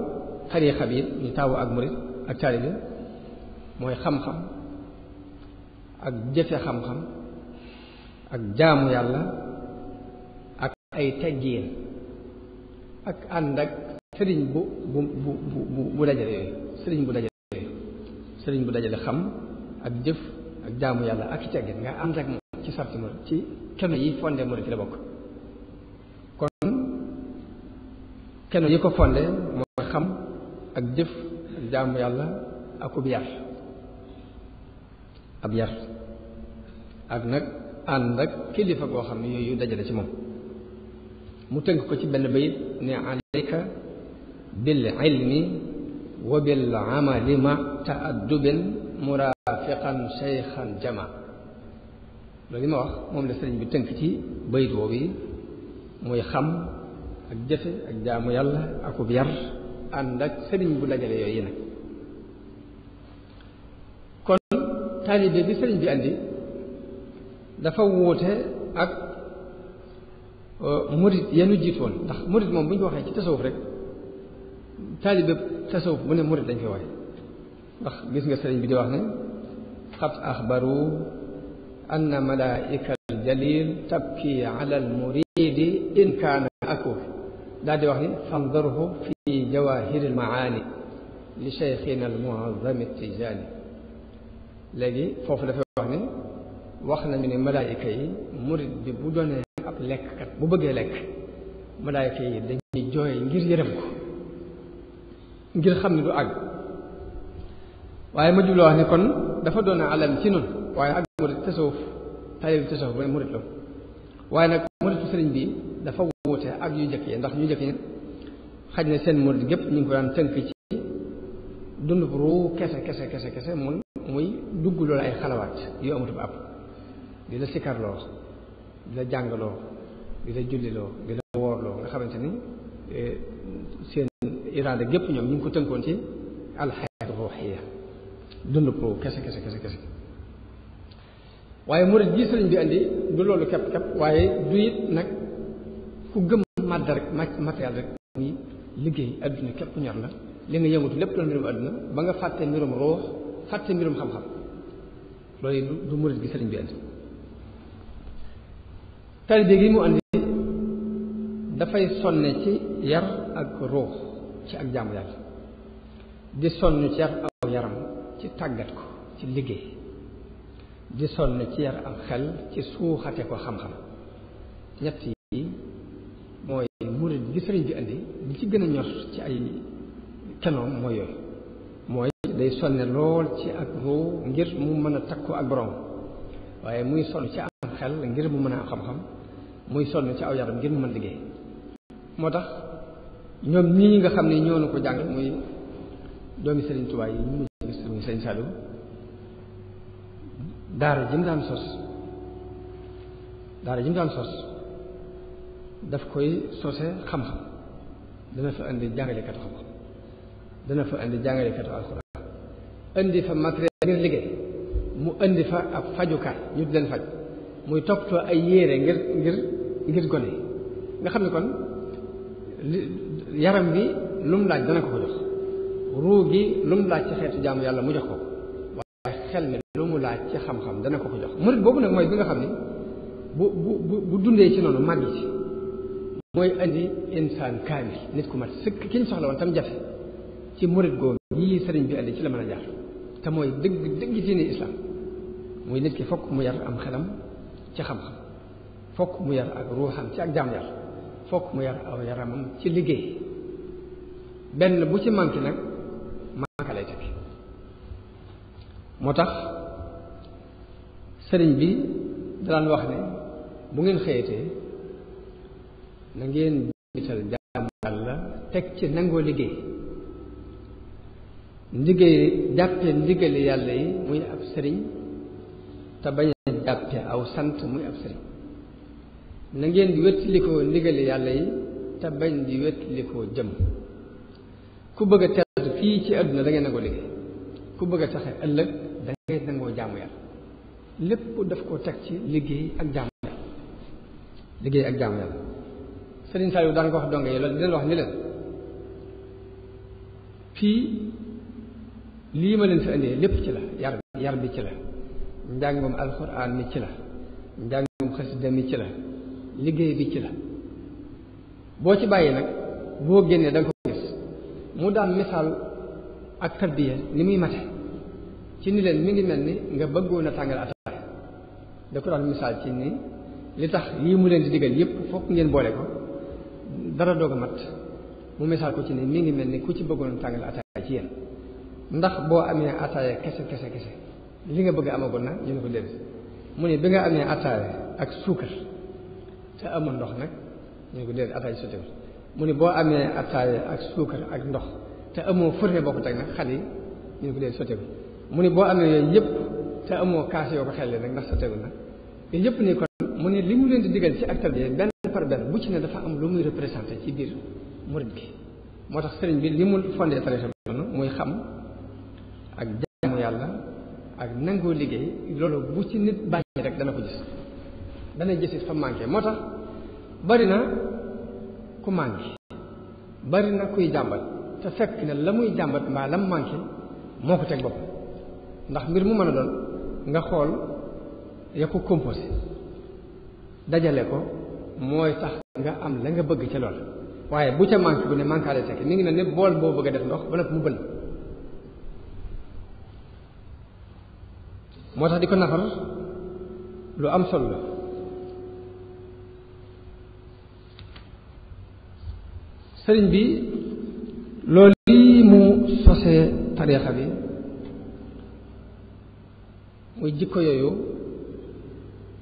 tariixa bi ñu taawu ak murit ak taalibe mooy xam-xam ak jëfe xam-xam ak jaamu yàlla ak ay teggiin ak ànd ak sëriñ bu bu bu bu bu dajale sëriñ bu dajale bu dajale xam ak jëf ak jaamu yàlla ak i teggin nga ànd ak moom ci sarti murit ci keme yi fonde murit la bokk kenn yi ko fonde moo xam ak jëf ak jaamu yàlla ak ub ab yar ak nag ànd ak kilifa goo xam ne yooyu dajale ci moom mu tënk ko ci benn bayit ne alayka bil ilmi wa bil ma taaddubin murafiqan cheykhan jama loolu li ma wax moom la sëriñ bi tënk ci bayit woowu muy xam ak jëfe ak jaamu yàlla akub yar ànd ak sëriñ bu dajale yooyu nag kon taalibe bi sëriñ bi andi dafa wuute ak murit yenu jiitoon ndax murit moom bu ñu ko waxee ci tasawuf rek taalibe tasawuf mu ne murit dañ koy waxe ndax gis nga sëriñ bi di wax ne qad axbaru anna malaika aljalil tabki ala almuridi in kaana akuuf بعد وحين فانظره في جواهر المعاني لشيخنا المعظم التجاني لقي فوف لفي وحين وخنا من الملائكة مرد ببودنا أب لك ببقى لك ملائكة لنجي جوي نجير يرمك نجير خمي دو أغ وهي مجبل وحين كن دفدونا على متنون وهي أغ مرد تسوف طالب تسوف مرد له وهي مرد تسرين بي دفو wuute ak yu njëkk yi ndax yu njëkk yi xaj na seen murid gépp ñu ngi ko daan tënk ci dund ruu kese kese kese kese mun muy dugg ay xalawaat yu amatul sikarloo di jàngaloo di la julliloo di xamante ni e, seen iraada gépp ñoom ñu ko tënkoon ci alxayaat ruuxiya dund ruu kese waaye murid gi sëriñ bi andi du loolu kepp kepp waaye du nag ku gëm màdd rek matériel rek muy liggéey adduna képp ñor la li nga yëngatu lépp la mbirum adduna ba nga fàtte mbirum ruux fàtte mbirum xam-xam loolu du murid gi sëriñ bi andi taalibe gi mu andi dafay sonne ci yar ak ruux ci ak jaamu yàlla di sonn ci yar aw yaram ci tàggat ko ci liggéey di sonn ci yar ak xel ci suuxate ko xam-xam ñett yi mooy murid gi sëriñ bi indi li ci gën a ñor ci ay kenoom mooy yooyu mooy day sonne lool ci ak ruu ngir mu mën a takkoo ak boroom waaye muy sonn ci am xel ngir mu mën a am xam-xam muy sonn ci aw yaram ngir mu mën liggéey moo tax ñoom ñii nga xam ne ñoo nu ko jàngal muy doomi Serigne Touba yi ñu ngi Serigne Serigne Saliou daara ji mu daan sos daara ji daan sos daf koy sose xam-xam dana fa indi jàngalekatu xam-xam fa indi jàngalekatu fa matériel ngir liggéey mu indi fa ab fajukaay ñu di leen faj muy toppatoo ay yére ngir ngir ngir gone yi nga xam ne kon yaram bi lu mu laaj dana ko ko jox ruu gi lu mu laaj ci xeetu jaamu yàlla mu jox ko waaye xel mi lu mu laaj ci xam-xam dana ko ko jox murit boobu nag mooy bi nga xam ne bu bu bu dundee ci noonu màgg ci mooy aji insaan kaamil nit ku mat sëkk ki soxla woon tam jafe ci murit googu yii sëriñ bi andi ci la mën a jaar te mooy dëgg dëgg diine islam muy nit ki fokk mu yar am xelam ci xam-xam fokk mu yar ak ruuxam ci ak jaam yar fokk mu yar aw yaramam ci liggéey benn bu ci manqué nag manqué lay teg moo tax sëriñ bi daan wax ne bu ngeen xëyatee na ngeen jiital jaamu yàlla teg ci nangoo liggéey liggéey jàppe ndigali yàlla yi muy ab sëriñ te bañ a jàppe aw sant muy ab sëriñ na ngeen di wéttilikoo ndigali yàlla yi te bañ di wéttilikoo jëm ku bëgg a texe fii ci àdduna da ngay nangoo liggéey ku bëgg a texe ëllëg da nangoo jaamu yàlla lépp daf koo teg ci liggéey ak jaamu yàlla liggéey ak jaamu yàlla Sëriñ Saliou daan ko wax donge yi loolu di leen wax ni leen fii lii ma leen fi indee lépp ci la yar yar bi ci la njàngum alxuraan mi ci la njàngum xasida mi ci la liggéey bi ci la boo ci bàyyi nag boo génnee da ko gis mu daan misaal ak tarbiya ni muy mate ci ni leen mi ngi mel ni nga bëggoon a tàngal ataay da ko daan misaal ci ni li tax lii mu leen di digal yépp fokk ngeen boole ko dara doog a mat mu misaal ko ci ne mi ngi mel ni ku ci bëggoon tàngal ataaya ci yéen ndax boo amee ataaya kese kese kese li nga bëgg amagoon nag ñu ne ko déedéet mu ne nga amee ataaya ak suukar amul ndox nag ñu ne ko déedéet mu ne boo amee ataaya ak suukar ak ndox te amoo furne boo ko teg nag xal yi ñu ne ko déedéet sottiwul mu ne boo amee yooyu yëpp te amoo kaas yoo ko xellee nag ndax sottiwul nag yooyu yëpp nii kon mu ne li mu leen di digal ci ak tarbiya benn par benn bu ci ne dafa am lu muy représenté ci biir murid bi moo tax sëriñ bi li mu fondé tarixa bi noonu muy xam ak jaamu yàlla ak nangoo liggéey loolu bu ci nit bàyyi rek dana ko gis dana gis fa manqué moo tax bari na ku manqué bari na kuy jàmbat te fekk ne la muy jàmbat mbaa la mu moo ko teg bopp ndax mbir mu mën a doon nga xool ya ko dajale ko mooy tax nga am la nga bëgg ca lool waaye bu ca manque bu ne manqué la tekki mi ngi ne ne bool boo bëgg a def ndox ba nag mu bënn moo tax di ko nafar lu am solo la sëriñ bi loolu lii mu sosee tariixa bi muy jikko yooyu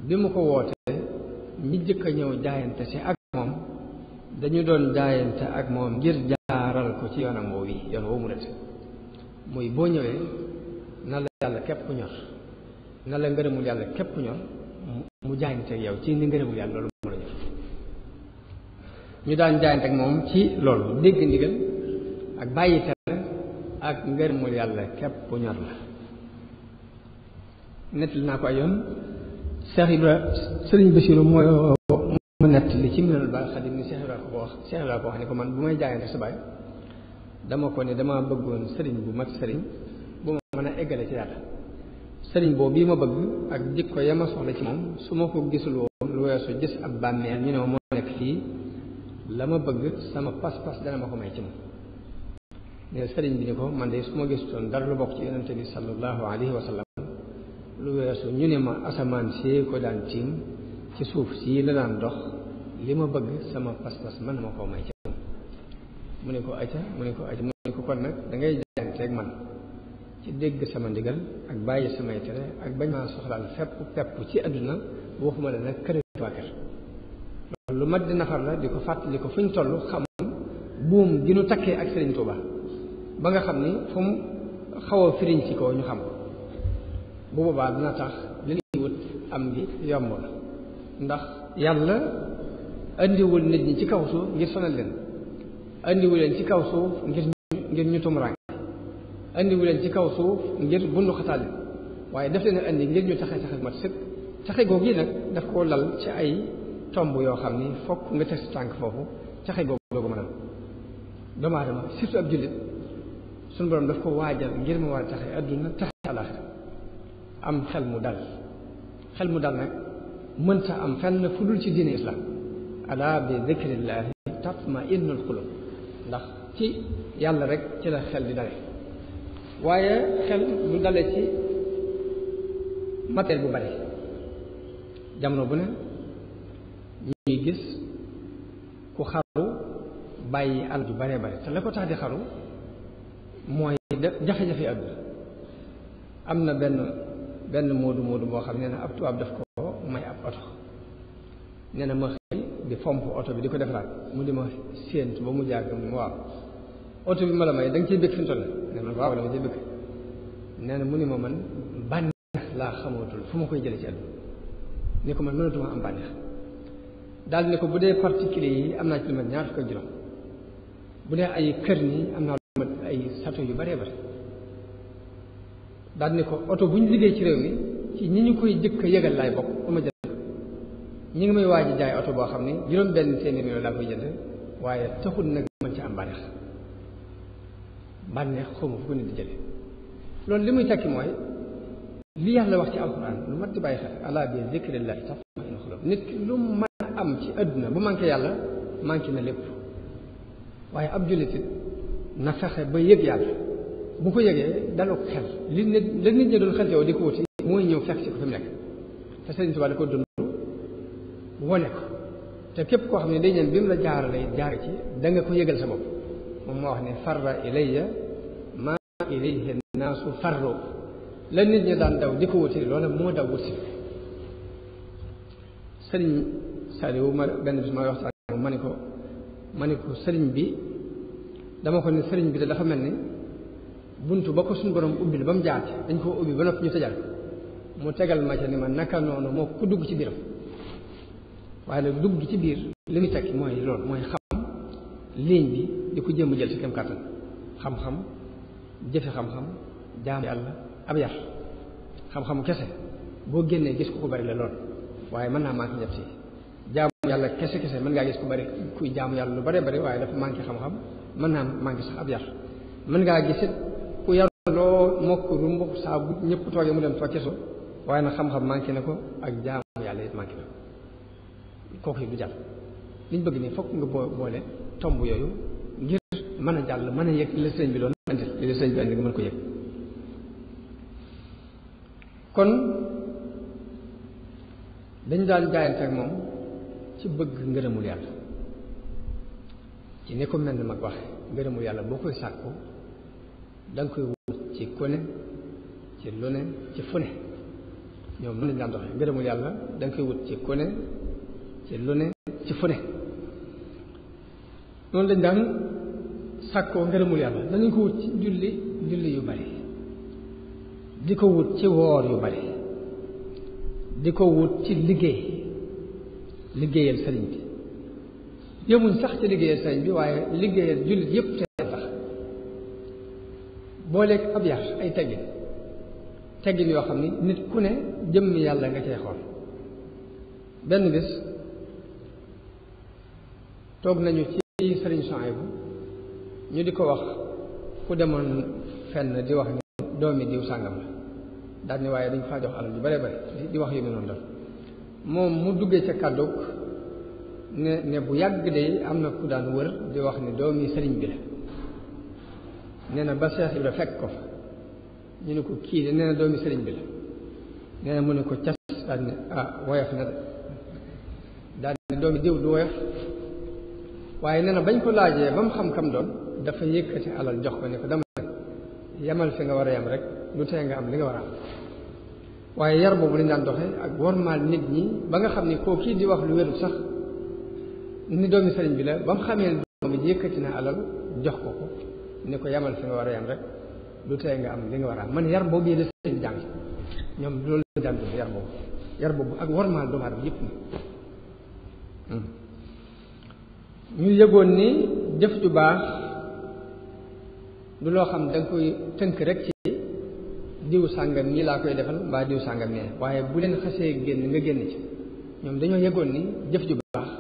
bi mu ko wootee ñi jëkk a ñëw jaayante si ak moom dañu doon jaayante ak moom ngir jaaral ko ci yoonam woowu yi yoon woowu mu ret muy boo ñëwee na la yàlla képp ñor na la ngërëmul yàlla képp ñor mu jaayante ak yow ci ni ngërëmul yàlla loolu mu la ñor ñu daan jaayante ak moom ci loolu dégg ndigal ak bàyyi tere ak ngërëmul yàlla képp ñor la nettali naa ko ay yoon Cheikh Ibra Serigne Bassirou mooy mu nett li ci Minanul Baaqil Xadiim ni Cheikh Ibra ko wax Cheikh Ibra ko wax ko man bu may jaayante sa baay dama ko ne dama bëggoon sëriñ bu mag sëriñ bu ma a eggale ci yàlla ma bëgg ak jikko ya ma soxla ci moom su ma ko gisuloo woon lu weesu gis ab bàmmeel ñu ne ma moo nekk fii la ma bëgg sama pas-pas dana ma ko may ci moom ne sëriñ bi ni ko man de su ma gisutoon dara lu bokk ci yonente bi sallallahu alayhi wa lu weesu ñu ne ma asaman si ko daan tim ci suuf sii la daan dox li ma bëgg sama pas-pas man ma ko may ci mu ne ko acca mu ne ko acca mu ne ko kon nag da ngay ak man ci dégg sama ndigal ak bàyyi samay tere ak bañ maa soxlaal fepp pepp ci aduna waxuma la nag kër waa kër lu mat di nafar la di ko fàttali ko fuñ toll xam buum gi nu takkee ak Serigne Touba ba nga xam ni fu mu xaw a firiñ ci ko ñu xam ko bu boobaa dina tax li ñuy wut am gi yomb la ndax yàlla andi wul nit ñi ci kaw suuf ngir sonal leen andi andiwu leen ci kaw suuf ngir ngir ñu tum andi andiwu leen ci kaw suuf ngir bundu xataal leen waaye daf leen andi ngir ñu taxe taxe mat sëkk taxe googu yi nag daf koo lal ci ay tomb yoo xam ni fokk nga teg tànk foofu taxe googu doo ko mën a doomu surtout ab jullit sun borom daf ko waajal ngir mu war a taxe adduna taxe alaxira am xel mu dal xel mu dal nag mënta am fenn fu dul ci diine islam ala bi zikrillahi tatma innul qulub ndax ci yàlla rek ci la xel di dale waaye xel du dale ci matériel bu bari jamono bu ne ñuy gis ku xaru bàyyi àll ju bare bari te la ko tax di xaru mooy jafe-jafe àdduna am na benn benn moodu moodu boo xam ne na ab tubaab daf ko may ab oto ne na ma xëy di fomp oto bi di ko defaraat mu di ma séentu ba mu jàgg mu waaw bi ma may da nga ciy bëgg fi mu toll ne nee na mu ni ma man bànneex laa xamatul fu ma koy jëlee ci àdduna ni ko man mënatuma am bànneex daal ne ko bu dee particulier yi am naa ci lu mat ñaar fukk ak bu dee ay kër nii am naa lu mat ay sato yu baree bari daal ni ko oto bu ñu liggéey ci réew mi ci ñi ñu koy jëkk a yëgal laay bokk ba ma jënd ñi ngi may waaj a jaay oto boo xam ne juróom benn seeni million waaye taxul nag mën ci am bànneex bànneex xawma di jële loolu li muy tekki mooy li yàlla wax ci alxuraan lu mat di bàyyi xel ala bi zikrillahi tatma'innu xulub nit ki lu mën am ci àdduna bu manqué yàlla manqué na lépp waaye ab jullit it na fexe ba yëg yàlla bu ko yëgee daloo ko xel li nit la nit ñi doon xel yow di ko wuti mooy ñëw fekk ci ko fi mu nekk te Sëriñ Tuubaa da ko dund wone ko te képp koo xam ne day ñaan bi mu la jaaralee jaar ci sa bopp moom moo wax ne farra ilayya ma ilayhi naasu farro la nit daan daw di ko wuti loola moo daw wut si sëriñ Saliou ma benn bis ma waxtaan ma ne ko ma ne ko sëriñ bi dama ko ne sëriñ bi de dafa mel ni buntu ba ko suñu ubbi ubbil ba mu jaar dañ koo ubbi ba noppi ñu tëjal mu tegal ma ca ni ma naka noonu moo ku dugg ci biiram waaye nag dugg ci biir li muy tekki mooy loolu mooy xam ligne bi di ko jëm jël ci kem kàttan xam-xam jëfe xam-xam jaamu yàlla ab yar xam-xamu kese boo génnee gis ku ko bari la lool waaye mën naa manqué ñett si jaamu yàlla kese kese mën ngaa gis ku bari kuy jaamu yàlla lu bare bari waaye dafa manqué xam-xam mën naa manqué sax loo mokk rumbu saa bu ñëpp toogee mu dem toog kesu waaye nag xam-xam manqué na ko ak jaamu yàlla it manqué na ko kooku du jàll liñ bëgg nii fokk nga boole tomb yooyu ngir mën a jàll mën a yëg li la sëñ bi doon li la sëñ bi andi nga mën ko yëg kon dañ daal jaayante ak moom ci bëgg ngërëmul yàlla ci ne ko mel ni mag waxe ngërëmul yàlla boo koy sàkku danga koy wut ci ku ne ci lu ne ci fu ne ñoom noonu daan doxee yàlla da nga koy wut ci ku ne ci lu ne ci fu ne noonu lañ daan sàkkoo ngërëmul yàlla danañ ko wut ci julli julli yu bari di ko wut ci woor yu bari di ko wut ci liggéey liggéeyal sëriñ bi yëmuñ sax ci liggéeyal sëriñ bi waaye liggéeyal jullit yépp booleeg ab yar ay teggin teggin yoo xam ni nit ku ne jëmm yàlla nga cay xool benn bis toog nañu ci sëriñ Souhaïbou ñu di ko wax ku demoon fenn di wax ni doomi diw sàngam la daal ni waaye dañ faa jox alal yu bare bare di wax yu mel noonu doon moom mu duggee ca kàddug ne ne bu yàgg de am na ku daan wër di wax ni doomi sëriñ bi la nee na ba Cheikh Ibra fekk ko ñu ne ko kii de nee na doomi sëriñ bi la nee na mu ne ko cas daal ne ah woyof na daal ne doomi diw du woyof waaye nee na bañ ko laajee ba mu xam kam doon dafa yëkkati alal jox ko ne ko dama yamal fi nga war a yam rek lu tee nga am li nga war a am waaye yar boobu lañ daan doxee ak wormaal nit ñi ba nga xam ne koo kii di wax lu wérul sax ni doomi sëriñ bi la ba mu xamee ne doom bi yëkkati na alal jox ko ko ne ko yamal fi nga war a yam rek du tey nga am li nga war a man yar boobu yéen seen jàng ñoom loolu la daan yar boobu yar boobu ak warmaal doomu aadama yëpp hmm. ñu yëgoon ni def ju baax du loo xam da nga koy tënk rek ci diw sàngam nii laa koy defal mbaa diw sàngam nee waaye bu leen xasee génn nga génn ci ñoom dañoo yëgoon ni jëf ju baax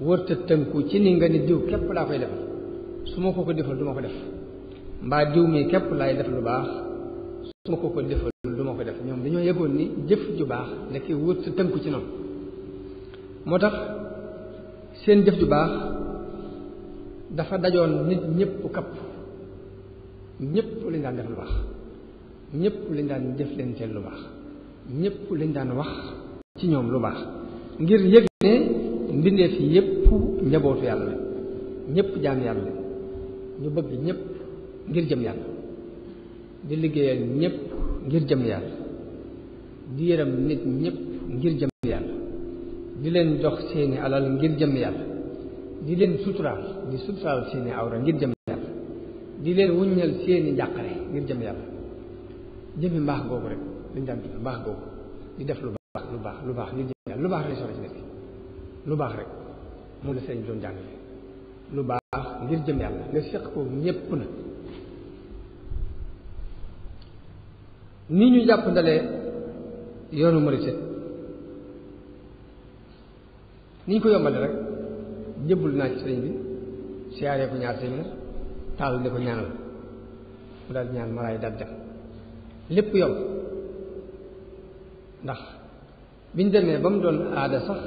wërta tënku ci ni nga ni diw képp laa koy defal su ma ko ko defal du ma ko def mbaa diw mi képp laay def lu baax su ma ko ko defal du ma ko def ñoom dañoo yëgoon ni jëf ju baax ndeke wut sa tënku ci noonu moo tax seen jëf ju baax dafa dajoon nit ñëpp kapp ñëpp lañ daan def lu baax ñëpp lañ daan jëf leen seen lu baax ñëpp lañ daan wax ci ñoom lu baax ngir yëg ne mbindeef yi njabootu yàlla la ñëpp jaam yàlla ñu bëgg ñëpp ngir jëm yàlla di liggéeyal ñëpp ngir jëm yàlla di yërëm nit ñëpp ngir jëm yàlla di leen jox seeni alal ngir jëm yàlla di leen suturaal di suturaal seeni awra ngir jëm di leen wuññal seeni njàqare ngir jëm yàlla jëmi mbaax googu rek dañ daan tudd mbaax googu di def lu baax lu baax lu baax ngir jëm yàlla lu baax rek sore ci nit lu baax rek moom la sëriñ doon jàngale lu baax ngir jëm yàlla nga séq ko ñépp na ni ñu jàpp ndalee yoonu Murid ni ñu ko yombale rek jëbbul naa ci sëriñ bi siyaaree ko ñaar téeméer taal di ko ñaanal mu daal ñaan malaay daal dem lépp yomb ndax biñ demee ba mu doon aada sax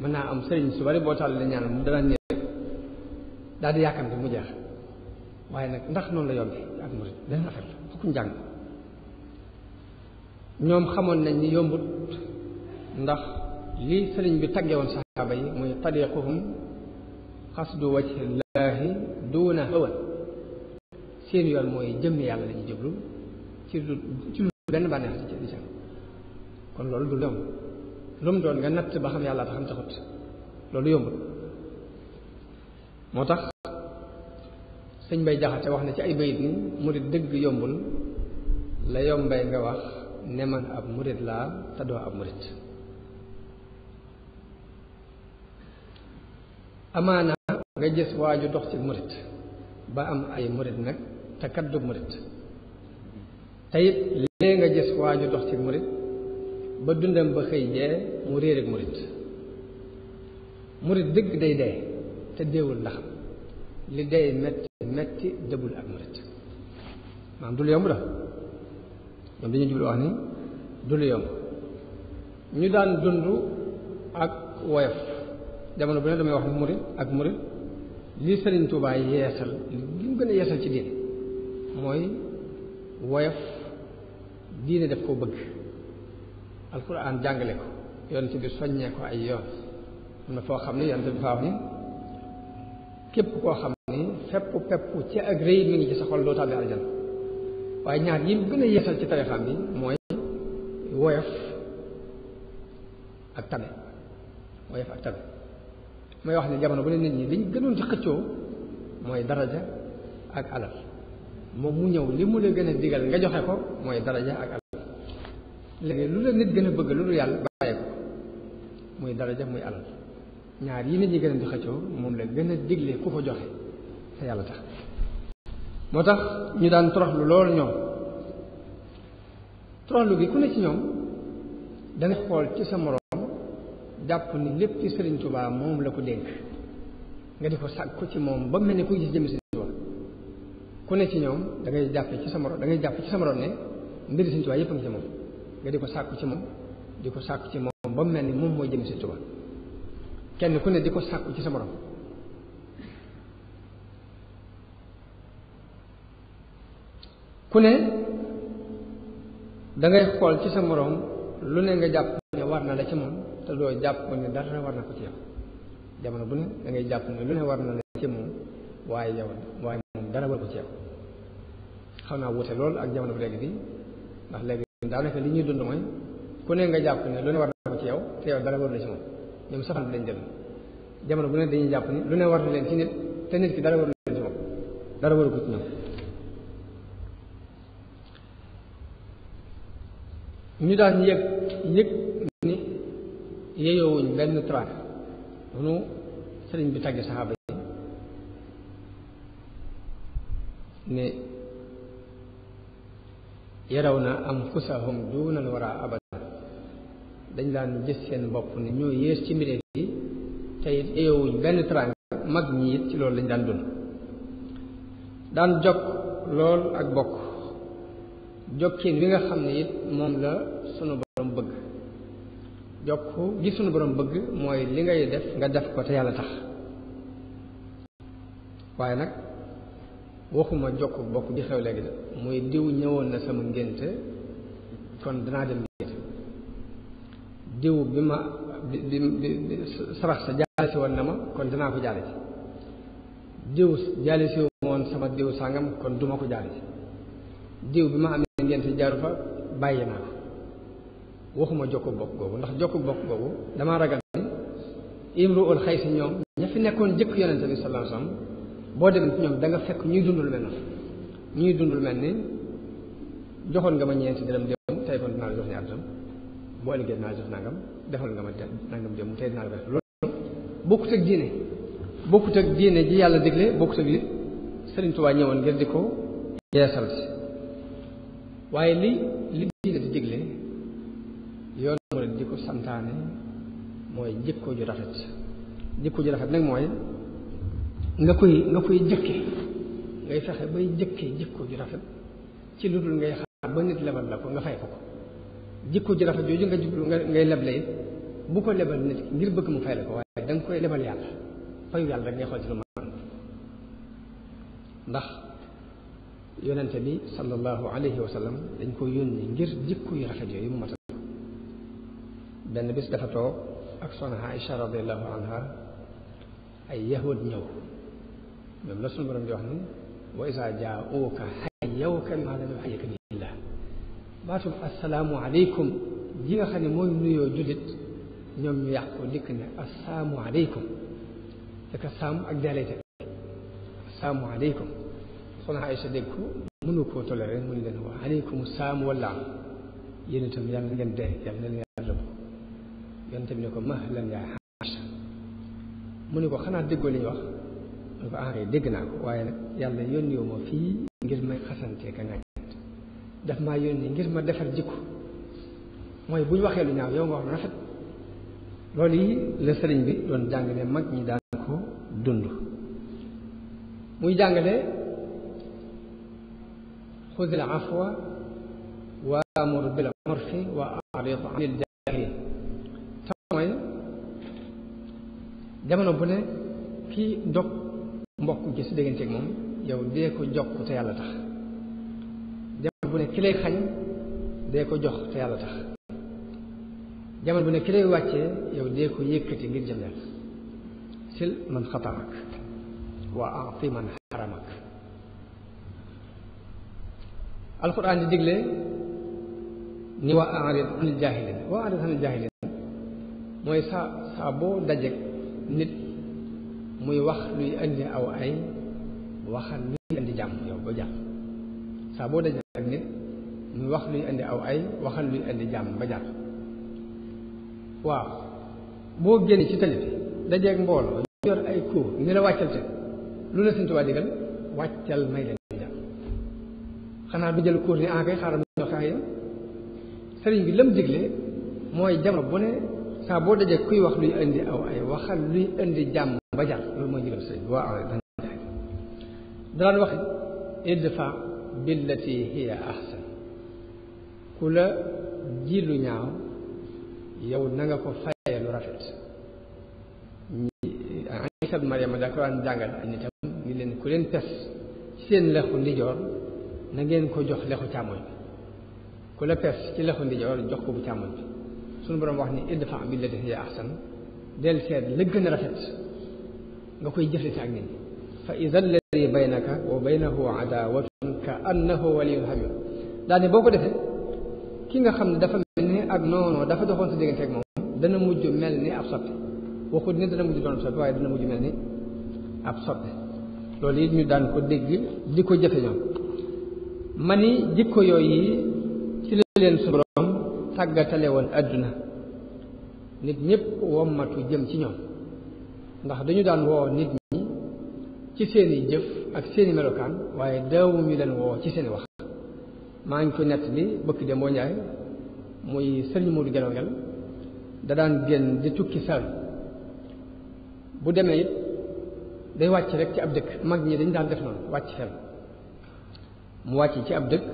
mën naa am sëriñ su bari boo taal di ñaanal mu dana ñëw daal di yàkkamte mu jeex waaye nag ndax noonu la yombi ak murid benn affaire fukk njàng ñoom xamoon nañ ni yombut ndax lii sëriñ bi tagge woon saxaaba yi muy tariquhum xasdu wajhillahi duuna hawan seen yoon mooy jëmm yàlla lañu jëblu ci lu ci lu benn bànneex kon loolu du lu yomb lu mu doon nga natt ba xam yàlla ba taxut loolu yombut moo tax sëñ bay jaxate wax na ci ay bayit ni murit dëgg yombul la yombay nga wax ne man ab murit laa te doo ab murit amaana nga gis waaju dox ci murit ba am ay murit nag te kat du murit te it nga gis waaju dox ci murit ba dundam ba xëy jee mu réer murit murit dëgg day dee te deewul ndax li day metti metti dëbbul ak murit maanaam du lu yomb la ñoom dañu jublu wax ni du lu yomb ñu daan dund ak woyof jamono bu ne damay wax murit ak murit li Sëriñ Tuubaa yeesal li mu gën a yeesal ci diine mooy woyof diine def ko bëgg alxuraan jàngale ko yonent bi soññee ko ay yoon am na foo xam ne yonent bi faa wax ni képp koo xam ni fepp peppu ci ak rëy mi ngi ci sa xol doo tàbbi aljana waaye ñaar yi mu gën a yeesal ci tarixam bi mooy woyof ak tabe woyof ak mooy wax ne jamono bu ne nit ñi liñ gënoon ci xëccoo mooy daraja ak alal moom mu ñëw li mu la gën a digal nga joxe ko mooy daraja ak alal léegi lu la nit gën a bëgg lu dul yàlla bàyyi ko muy daraja muy alal ñaar yi nit ñi gën a di moom la gën a digle ku ko joxe te yàlla tax moo tax ñu daan toroxlu lool ñoom toroxlu gi ku ne ci ñoom dana xool ci sa moroom jàpp ni lépp ci Sëriñ Tuubaa moom la ko dénk nga di ko ci moom ba mel ni ku jëm Sëriñ Tuubaa ku ne ci ñoom da ngay jàpp ci sa moroom da jàpp ci sa moroom ne mbiri Sëriñ Tuubaa yëpp a ngi ci moom nga di ko sàkku ci moom di ko sàkku ci moom ba mel ni moom mooy jëm Sëriñ Tuubaa kenn ku ne di ko sàkku ci sa borom ku ne da xool ci sa morom lu ne nga jàpp ne war na la ci moom te doo jàpp ne dara war na ko ci yow jamono bu ne da ngay jàpp ne lu ne war na la ci moom waaye yow waaye moom dara war ko ci yow xaw naa wuute lool ak jamono bu léegi bi ndax léegi daanaka li ñuy dund mooy ku ne nga jàpp ne lu ne war na ko ci yow te yow dara war la ci moom ñoom soxna lañ jël jamono bu ne dañuy jàpp ni lu war leen ci nit te nit ki dara waru leen ci moom dara waru ko ci daal ñu yëg yëg ni yeyoowuñ benn traak noonu sëriñ bi tàgge saxaaba yi ne yaraw na am fusahum duunal wara abad dañ daan gis seen bopp ni ñoo yées ci mbir yi te it benn trang mag ñi it ci loolu lañ daan dund daan jokk lool ak bokk jokkin bi nga xam ne it moom la sunu borom bëgg jokk gi sunu borom bëgg mooy li ngay def nga def ko te yàlla tax waaye nag waxuma jokk bokk bi xew léegi de muy diw ñëwoon na sama ngénte kon danaa dem diw bi ma di di di sarax sa jaale si woon na ma kon dinaa ko jaale si diw jaale si woon sama diw sàngam kon duma ko jaale si diw bi ma amee ngeen si jaaru fa bàyyi naa ko waxuma jokku bokk googu ndax jokku bokk googu damaa ragal imru ul xay si ñoom ña fi nekkoon jëkk yonente bi sallallahu alayhi wasallam boo demee ci ñoom da nga fekk ñuy dundul mel na ñuy dundul mel ni joxoon nga ma ñeenti dërëm démb tey kon dinaa jox ñaar dërëm boo ëllëgee naa jox nangam defal nga ma nangam jëm tey dinaa la ko def loolu bokkut ak diine bokkut ak diine ji yàlla digle bokkut ak li Sëriñ Tuubaa ñëwoon ngir di ko yeesal si waaye li li diine di digle yoon mooy di ju rafet jikko ju rafet nag mooy nga koy nga koy jëkke ngay fexe bay jëkke jikko ju rafet ci lu dul ngay xaar ba nit lebal la ko nga fay ko jikko ji rafet jooju nga jublu ngay leble bu ko lebal nit ngir bëgg mu fay la ko waaye da koy lebal yàlla fayu yàlla rek ngay xool ci lu man na yonente bi sallallahu alayhi wa sallam dañ ko yónni ngir jikko yu rafet yooyu mu matal benn bis dafa toog ak soxna Aïcha radiallahu anha ay yahud ñëw ñoom la suñu borom wax ni wa isa jaauka xayyawka maa lam yuxayyika bi baatum assalaamu aleykum ji nga xam ne mooy nuyoo jullit ñoom ñu yàq ko dikk ne assalaamu aleykum fekk saam ak daalayte assalaamu aleykum soxna Aïcha dégg ko mënu koo toléré mu ne leen wa aleykum salaam wala yéen itam ngeen dee yàlla na leen yàlla bu yonent bi ne ko mahlan yaa Aïcha mu ko xanaa déggoo li ñu wax mu ne ko enré ah, dégg naa ko waaye nag yàlla yónni ma fii ngir may xasantee ka nga daf maa yónni ngir ma defar jikko mooy bu waxee lu ñaaw yow nga wax lu rafet loolu yi la sëriñ bi doon jàngale mag ñi daan ko dund muy jàngale xudil afwa wa amur bil urfi wa arid anil jaahil tam mooy jamono bu ne ki dog mbokk ci si dégganteeg moom yow dee ko jokk te yàlla tax bu ne ki lay xañ dee ko jox te yàlla tax jamono bu ne ki lay wàccee yow dee ko yëkkati ngir jëm yàlla sil man xatarak wa aati man xaramak alquran di digle ni wa arid anil jahilin wa arid anil jahilin mooy saa saa boo dajeg nit muy wax luy andi aw ay waxal luy andi jàmm yow ba jàmm saa boo dajeg ak nit mu wax luy indi aw ay waxal luy indi jàmm ba jàll waaw boo génnee ci tali bi dajeeg mbooloo ñu yor ay cours ni la wàccal te lu la Sëñ Tuubaa digal wàccal may leen jàmm xanaa du jël cours ni en ah fait xaaral ma waxtaan yéen sëriñ bi lam digle mooy jamono bu ne saa boo dajeeg kuy wax luy indi aw ay waxal luy indi jàmm ba jàll loolu mooy digal sëriñ bi waaw daan wax idfa بالتي هي أحسن كلا جيل نعم يو نغفو فاية لرافت عيسى مريم ذكران جانجل إن تم يلين كلين تس سين لخو نجور نغين كو جوخ لخو تامون كلا تس سين لخو نجور جوخ كو تامون سن برام وحني ادفع بالتي هي أحسن دل سيد لغن رافت نغفو يجفل تاغنين فإذا الذي بينك وبينه عداوة ka annahu waliyun hamim daal boo ko defee ki nga xam ne dafa mel ni ak noonu dafa doxoon sa diggante ak moom dana mujj mel ni ab soppe waxut ne dana mujj doon ab soppe waaye dana mujj mel ni ab soppe loolu it ñu daan ko dégg di ko jafe ñoom ma ni jikko yooyu ci la leen su borom tàggatale woon adduna nit ñëpp wommatu jëm ci ñoom ndax dañu daan woo nit ñi ci seeni jëf ak seeni melokaan waaye daawuñu leen woo ci seeni wax maa ngi ko nett li bëkk de mboo njaay muy sëriñ Modou Gelo Gel da daan génn di tukki Saalum bu demee it day wàcc rek ci ab dëkk mag ñi dañ daan def noonu wàcc xel mu wàcc ci ab dëkk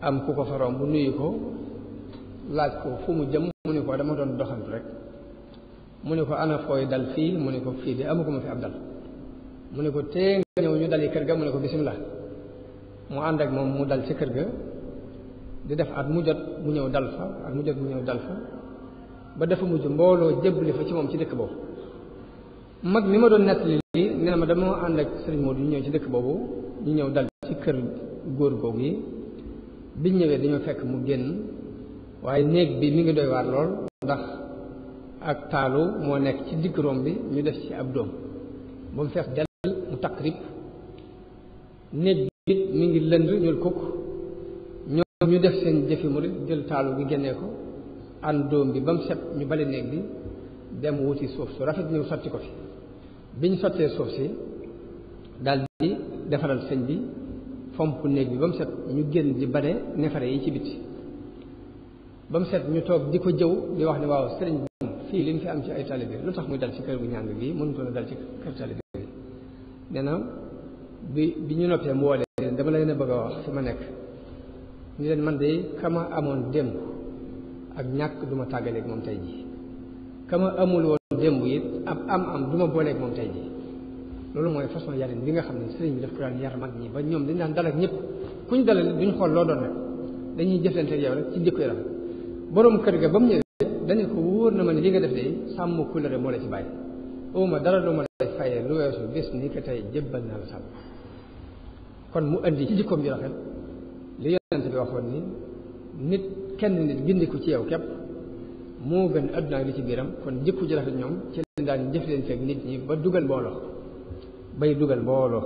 am ku ko fa romb bu nuyu ko laaj ko fu mu jëm mu ne ko dama doon doxantu rek mu ne ko ana fooy dal fii mu ne ko fii de amaguma fi ab dal mu ne ko tee nga ñëw ñu dali kër ga mu ne ko bisimilah mu ànd ak moom mu dal ci kër ga di def at mu jot mu ñëw dal fa at mu jot mu ñëw dal fa ba dafa mujj mbooloo jëbbali fa ci moom ci dëkk boobu mag mi ma doon nettali lii nee ma dama ànd ak sëriñ Modou ñu ñëw ci dëkk boobu ñu ñëw dal ci kër góor googu yi biñ ñëwee dañoo fekk mu génn waaye néeg bi mi ngi doy waar lool ndax ak taalu moo nekk ci dikk room bi ñu def ci ab doom ba mu fees takrib néeg bi mi ngi lënd ñuul kukk ñoom ñu def seen jëfi murit jël taalu bi génnee ko an doom bi ba mu set ñu bale néeg bi dem wuti suuf su rafet ñu sotti ko fi biñ sottee suuf si daldi di defaral sëñ bi fomp néeg bi ba mu set ñu génn di bale nefare yi ci biti ba mu set ñu toog di ko jëw di wax ni waaw sëriñ bi fii li ñu fi am ci ay taalibe lu tax muy dal ci kër gu ñàng gi mënutoon a dal ci kër taalibe nee bi bi ñu noppee mu woolee leen dama leen a bëgg a wax fi ma nekk ñu leen man de kama amoon démb ak ñàkk du ma tàggaleeg moom tey jii kama amul woon démb it ab am am du ma booleeg moom tey jii loolu mooy façon yarin bi nga xam ne sëriñ bi daf ko daan yar mag ñi ba ñoom dañ daan dalak ñëpp kuñ dalal duñ xool loo doon rek dañuy jëflante ak yow rek ci jikko yaram borom kër ga ba mu ñëwee dañu ko wóor na ma ne li nga def de sàmm kulëre moo la ci bàyyi uma dara lu ma lay fayee lu weesu bis ni ko tey jébbal naa la sàmm kon mu indi ci jikkoom ju rafet li yonent bi waxoon ni nit kenn nit gindiku ci yow képp moo gën àdduna li ci biiram kon jikko ju rafet ñoom ci leen daan jëf leen fekk nit ñi ba dugal mbooloo bay dugal mbooloo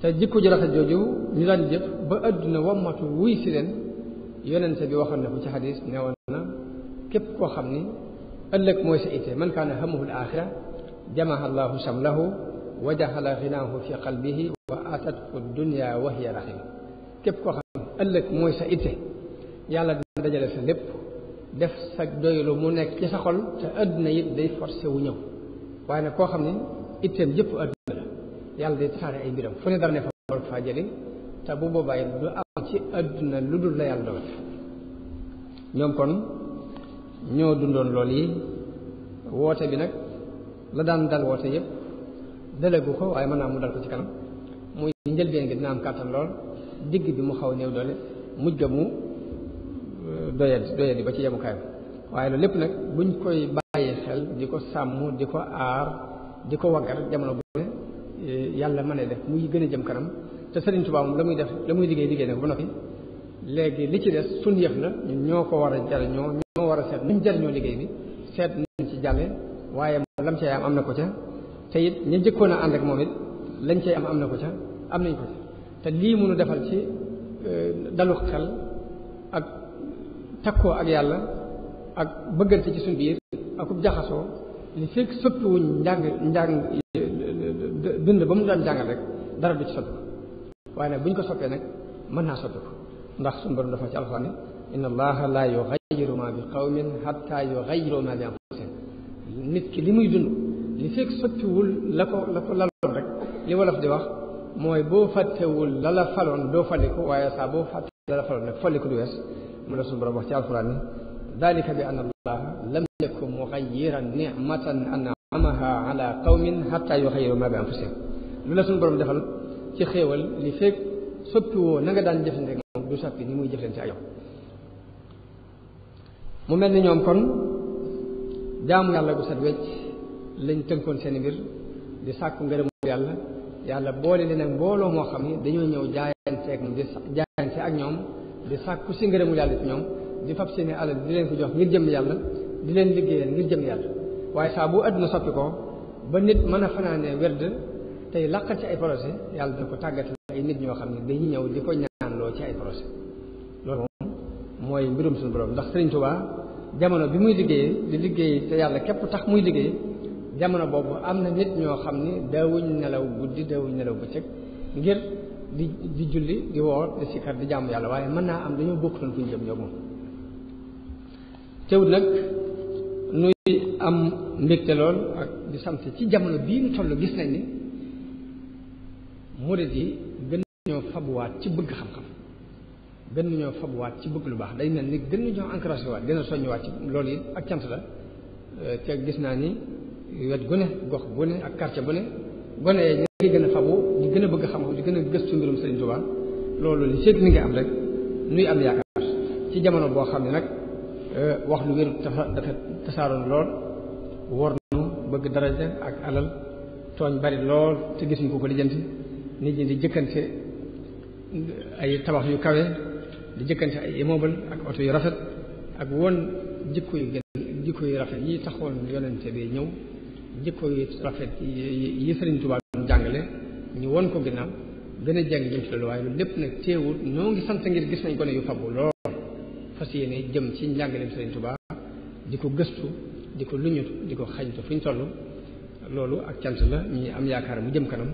te jikko ju rafet jooju ñu daan jëf ba àdduna wammatu wuy si leen yonent bi waxoon na ku ci xadis newoon na képp koo xam ni ëllëg mooy sa itte man kaana hamuhu al axira jamaha allahu samlahu wa jaxala xinaahu fi qalbihi wa atatku dunya wa hiya raxim képp koo xam ëllëg mooy sa itte yàlla dina dajale sa lépp def sa doylu mu nekk ci sa xol te àdduna it day forcé wu ñëw waaye nag koo xam ne itteem jëpp àdduna la yàlla day tasaare ay mbiram fu ne dara ne fa war faa jëli te bu boobaa it du am ci àdduna lu dul la yàlla dogal ñoom kon ñoo dundoon lool yi woote bi nag la daan dal woote yëpp dalagu ko waaye mën naa mu dal ko ci kanam muy njëlbeen gi dina am kàttan lool digg bi mu xaw néew doole mujj ga mu doyadi euh, doyadi ba ci yemukaay waaye loolu lépp nag buñ koy bàyyi xel di ko sàmm di ko aar di ko waggar jamono bu yàlla mën a def muy gën a jëm kanam te Serigne Touba moom la muy def la muy liggéey liggéey na ko ba léegi li ci des sun yëf la ñun ñoo ko war a jariñoo ñoo war a seet nuñ jariñoo liggéey bi seet nuñ ci jàlle waaye lam am na ko ca te ñu jëkkoon a ànd ak moom lañ cay am am na ko ca am nañ ko ca te lii mënu defal ci eh, dalu xel ak takkoo ak yàlla ak bëggante ci suñ biir akub jaxasoo li fekk soppiwuñ njàng njàng dund ba mu daan jàngal rek dara du ci soppi ko waaye nag bu ñu ko soppee nag mën naa soppi ko ndax sun borom dafa ci alquran inna allaha la yughayyiru ma bi qawmin hatta yughayyiru ma bi anfusihim nit ki limuy dund li fek sottiwul wul lako lako lal rek li wolof di wax moy bo fatte wul la la faloon doo faliku waya sa bo fàtte la la falon nag faliku du wess mu la sun borom wax ci alquran ne dalika bi anna allaha lam yakun mughayyiran ni'matan an'amaha ala qawmin hatta yughayyiru ma bi anfusihim lu la sun borom defal ci xewal li fek soppi woo na nga daan jëfante moom du soppi ni muy jëfante ak yow mu mel ni ñoom kon jaamu yàlla gu set wecc lañ tënkoon seen mbir di sàkku ngërëm yàlla yàlla boole leen ak mbooloo moo xam ne dañoo ñëw jaayante ak di jaayante ak ñoom di sàkku si ngërëmu yàlla ci ñoom di fab seeni alal di leen ko jox ngir jëm yàlla di leen liggéeyal ngir jëm yàlla waaye saa bu àdduna soppi ko ba nit mën a fanaanee werd tey làqal ci ay projet yàlla dina ko tàggat ay nit ñoo xam ne dañuy ñëw di ko ñaanloo ci ay projet loolu moom mooy mbirum suñu borom ndax Sëriñ Tuubaa jamono bi muy liggéey di liggéey te yàlla képp tax muy liggéey jamono boobu am na nit ñoo xam ne dawuñ nelaw guddi daawuñ nelaw bëccëg ngir di di julli di woor di sikkar di jàmm yàlla waaye mën naa am dañu bokkutoon fu ñu jëm ñoom moom teewul nag nuy am mbégte lool ak di sant ci jamono bii ñu toll gis nañ ni murid yi gën ñoo fabuwaat ci bëgg xam-xam gën ñoo waat ci bëgg lu baax day mel ni gën ñoo encouragé waat gën a soññuwaat ci lool yi ak cant la euh, te gis naa ni wet gone gox bu ak quartier bu ne gone yi ñu gën a fabu di gën a bëgg xam-xam di gën a gëstu mbirum Serigne Touba loolu li seet ni nga am rek nuy am yaakaar ci jamono boo xam ne nag euh, wax lu wéru dafa tasaaroon lool wor bëgg daraja ak alal tooñ bari lool te gisuñu ko ko lijjanti nit ñi di jëkkante ay tabax yu kawe di jëkkante ay immeuble ak oto yu rafet ak woon jikko yu gën jikko yu rafet yi taxoon yonente bi ñëw jikko yu rafet yi Sëriñ Tuubaa jàngale ñu won ko ginnaaw gën a jàng jëm ci waaye lu lépp nag teewul ñoo ngi ngir gis nañ yu fabu lool fas yéene jëm ci njàngaleem Sëriñ tubaab di ko gëstu di ko luñut di ko xañ xañtu fu ñu toll loolu ak cant la ñi am yaakaar mu jëm kanam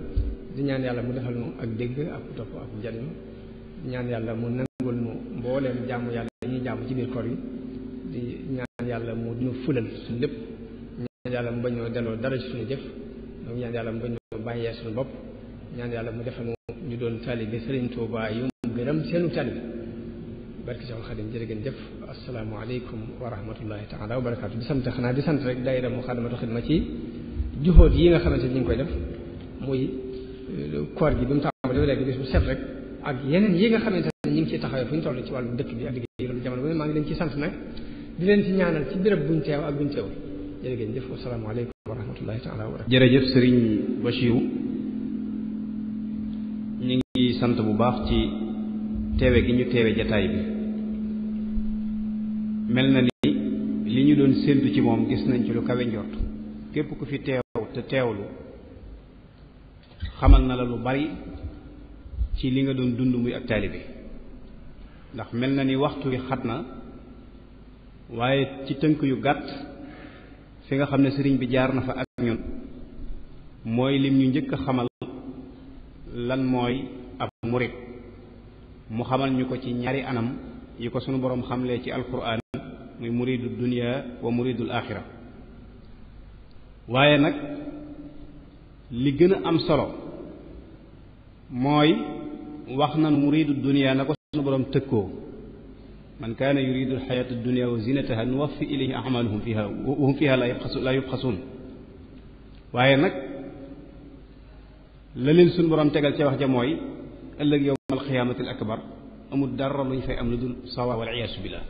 di ñaan yàlla mu defal nu ak dégg ak topp ak jariñ di ñaan yàlla mu nangul nu mbooleem jaamu yàlla ñuy jàmm ci biir koor yi di ñaan yàlla mu duñu fulal suñu lépp ñaan yàlla mu bañoo delloo dara ci suñu jëf yàlla mu bañoo bàyyee suñu bopp ñaan yàlla mu defal nu ñu doon taalibe Sëriñ Tuubaa yu mu gërëm seenu taalibe barke Seex Xaadim jërë ngeen jëf asalaamaaleykum wa rahmatullahi taala wa barakaatu di sant xanaa di sant rek daayira Muxaddamatul Xidma ci juhóot yi nga xamante ni ñu ngi koy def Euh, koor gi bi mu tàmbali ba léegi bis bu set rek ak yeneen yi nga xamante ne ñu ngi ci taxawee fu ñu toll ci wàllu dëkk bi ak liggéey loolu jamono bu ne maa ngi leen ci sant nag di leen ci ñaanal ci béréb buñ teew ak buñ teew jërëjëf asalaamaaleykum wa rahmatullahi taala wa barakatu jërëjëf sëriñ Bachirou ñu ngi sant bu baax ci teewe gi ñu teewe jataay bi mel na ni li ñu doon séentu ci moom gis nañ ci lu kawe njort képp ku fi teew te teewlu xamal na la lu bari ci li nga doon dund muy ak talibé ndax melna ni waxtu yi xatna waye ci teunk yu gatt fi nga xamne serigne bi jaar na fa ak ñun moy lim ñu ñëk xamal lan moy ab murid mu xamal ñuko ci ñaari anam yi ko sunu borom xamlé ci alquran muy muridud dunya wa muridul akhirah waye nak li gëna am solo mooy wax nan muridu dunia na ko sunu borom tëkkoo man kaana yuridu alxayata dunia wa zinataha nuwaffi ilayhi amaluhum fiha wa hum fiha la yubxasu la yubxasun waaye nag la leen sunu borom tegal ca wax ja mooy ëllëg yow alxiyaamati al akbar amul dara luñ fay am lu dul sawa wal iyaasu billah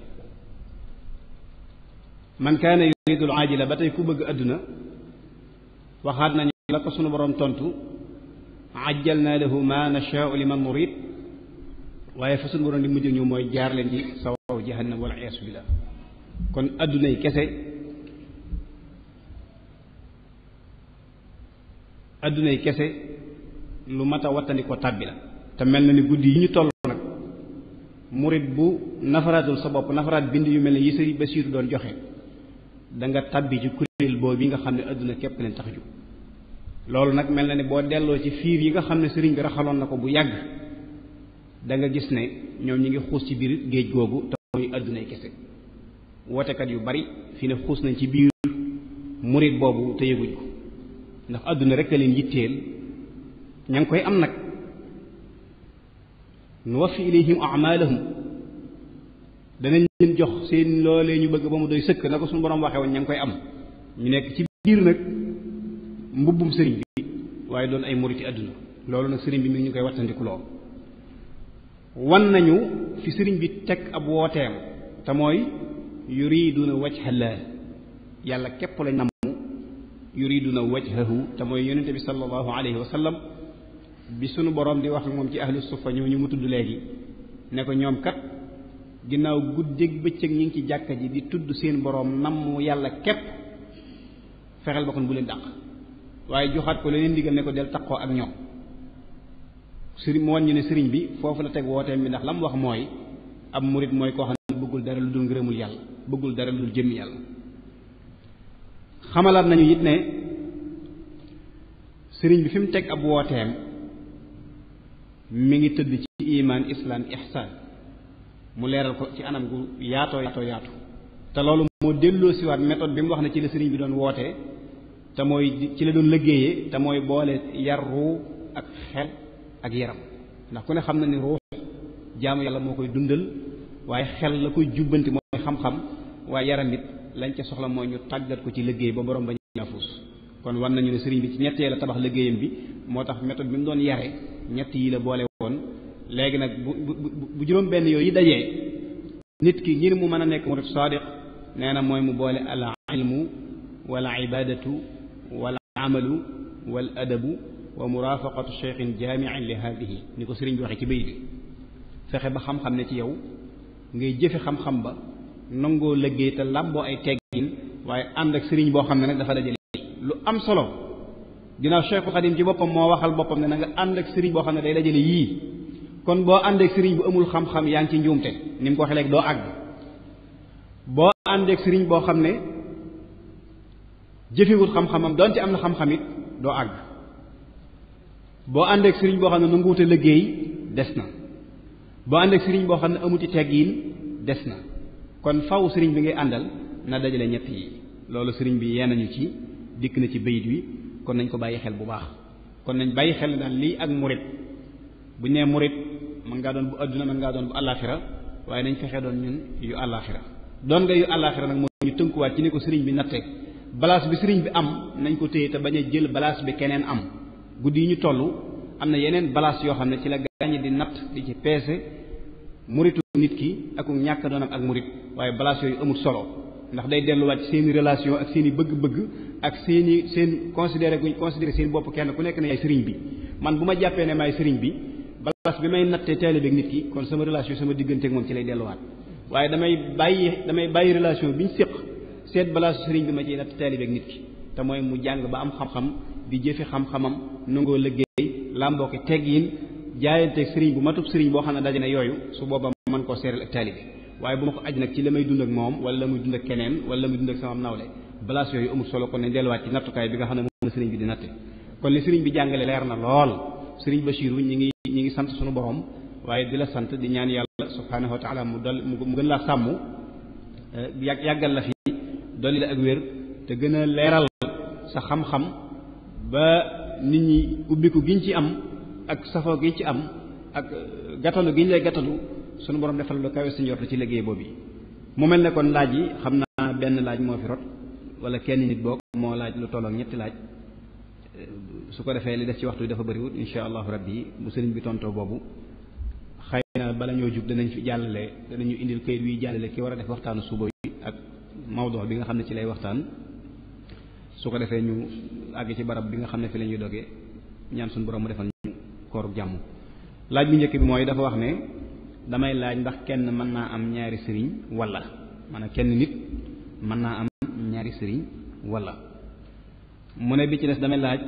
man kaana yuridu al ajila ba tey ku bëgg adduna waxaat nañu la ko sunu borom tontu ajjalnaa lahu maa nashaa'u liman nurid waye fa suñu borom di mujj ñu mooy jaar leen ci sawaw jahannam wal a'yas billah kon aduna yi kesse aduna yi kesse lu mata watani ko tàbbi la te melna ni guddi yi ñu toll nak murid bu nafaratul sabab nafarat nafaraat bind yu melni ne yi sëriñ Basiiru doon joxe da nga tàbbi ci kuréel bo bi nga xamne aduna kep leen tax loolu nag mel na ni boo delloo ci fiir yi nga xam ne sëriñ bi raxaloon na ko bu yàgg da nga gis ne ñoom ñu ngi xuus ci biir géej googu te muy àddunay kese wootekat yu bari fi ne xuus nañ ci biir murit boobu te yëguñ ndax àdduna rek a leen yitteel ña ngi koy am nag nu waffi ilayhim amalahum danañ leen jox seen loolee ñu bëgg ba mu doy sëkk na ko suñu borom waxee woon ña ngi koy am ñu nekk ci biir nag mbubbum sëriñ bi waaye doon ay murit yi àdduna loolu nag sëriñ bi mi ñu koy wattandiku loo wan nañu fi sëriñ bi teg ab wooteem te mooy yuriduna wajhallah yàlla képp lañ namm yuriduna wajhahu te mooy yonente bi sallallahu alayhi wa bi sunu borom di wax ak moom ci ahlu sufa ñoo ñu mu tudd léegi ne ko ñoom kat ginnaaw guddeeg bëccëg ñi ngi ci jàkka ji di tudd seen borom namm yàlla képp fexeel ba kon bu leen dàq waaye joxaat ko la leen digal ne ko del taqoo ak ñoom sëriñ mu wan ñu ne sëriñ bi foofu la teg wooteem bi ndax la mu wax mooy ab murit mooy koo xam ne bëggul dara lu dul ngërëmul yàlla bëggul dara lu dul jëmmi yàlla xamalaat nañu it ne sëriñ bi fi mu teg ab wooteem mi ngi tëdd ci iman islam ihsaan mu leeral ko ci anam gu yaatoo yaatoo yaatu te loolu moo delloo siwaat méthode bi mu wax ne ci la sëriñ bi doon wootee te mooy ci la doon liggéeyee te mooy boole yar ruu ak xel ak yaram ndax ku ne xam na ni ruux jaamu yàlla moo koy dundal waaye xel la koy jubbanti mooy xam-xam waaye yaram it lañ ca soxla mooy ñu tàggat ko ci liggéey ba borom ba ñaafuus kon war nañu ne sëriñ bi ci ñettee la tabax liggéeyam bi moo tax méthode bi mu doon yare ñett yi la boole woon léegi nag bu bu juróom benn yooyu daje nit ki ngir mu mën a nekk murid sadiq nee na mooy mu boole al ilmu wala ibadatu wal amalu wal adabu wa murafaqatu cheikhin jaamiin li haadihi ni ko sëriñ bi waxee ci bayit bi fexe ba xam-xam ne ci yow ngay jëfe xam-xam ba nangoo liggéey te làmboo ay teggin waaye ànd ak sëriñ boo xam ne nag dafa dajale lu am solo ginnaaw Cheikhul Xadim ci boppam moo waxal boppam ne na ànd ak sëriñ boo xam ne day dajale yii kon boo ànd ak sëriñ bu amul xam-xam yaa ngi ci njuumte ni mu ko waxee doo àgg boo ànd ak sëriñ boo xam ne jëfewut xam-xamam donte am na xam-xam doo àgg boo àndeek sëriñ boo xam ne nanguwut a liggéey des na boo àndeek sëriñ boo xam ne amuti teggiin des na kon faw sëriñ bi ngay àndal na dajale ñett yi loolu sëriñ bi yee nañu ci dikk na ci bayit wi kon nañ ko bàyyi xel bu baax kon nañ bàyyi xel daal lii ak murit bu ñu nee murit mën ngaa doon bu adduna mën ngaa doon bu àllaaxira waaye nañ fexe doon ñun yu àllaaxira doon nga yu àllaaxira nag moo ñu tënkuwaat ci ne sëriñ bi nattee Balas bi serigne bi am nañ ko teyé ta baña jël balas bi keneen am gudi ñu tollu am na balas yo xamne ci la gaañ di nat di ci pesé muritu nit ki ak ñak doonam ak murit balas yo yooyu amul solo ndax day delluwaat wat seeni relation ak seeni bëgg-bëgg ak seeni seen considérer guñ considérer seen bop kenn ku nekk ne ay serigne bi man buma jappé ne maay bi balas bi may nattee teele bi nit ki kon sama relation sama ak mom ci lay wat waye damay bayyi damay bayyi relation biñ séq seet balaa sëriñ bi ma ciy natt taalibeek nit ki te mooy mu jàng ba am xam-xam di jëfe xam-xamam nangoo liggéey làmbooki teggiin jaayanteeg sëriñ bu matub sëriñ boo xam ne daje ne yooyu su booba mën koo seeral ak taalibe waaye bu ma ko aj nag ci la may dund ak moom wala la muy dund ak keneen wala la muy dund ak sama nawle balaas yooyu amul solo ko ne delluwaat ci nattukaay bi nga xam ne moom la sëriñ bi di natte kon li sëriñ bi jàngale leer na lool sëriñ Bachiru ñi ngi ñi ngi sant suñu borom waaye di la sant di ñaan yàlla subhaanahu wa taala mu dal mu gën laa sàmm eh, yàggal la fi dolli la ak wér te gën a leeral sa xam-xam ba nit ñi ubbiku giñ ci am ak safoo gi ci am ak euh, gàttalu giñ lay gàttalu sunu borom defal lu kawe suñu yortu ci liggéey boobu mu mel ne laaj yi xam naa benn laaj moo fi rot wala kenn nit boog moo laaj lu tollook ñetti laaj euh, su ko defee li def ci waxtu bi dafa bëriwut insha allahu rabbi bu sëriñ bi tontoo boobu xëy na bala ñoo jub danañ fi jàllale danañu indil kayit wi jàllale ki war a def waxtaanu suba mawdoo bi nga xam ne ci lay waxtaan su ko defee ñu àgg ci barab bi nga xam ne fi lañuy doge dogee ñaan suñu borom mu defal ñu kooru jàmm laaj bi njëkk bi mooy dafa wax ne damay laaj ndax kenn mën naa am ñaari sëriñ walla maanaam kenn nit mën naa am ñaari sëriñ walla mu ne bi ci des damay laaj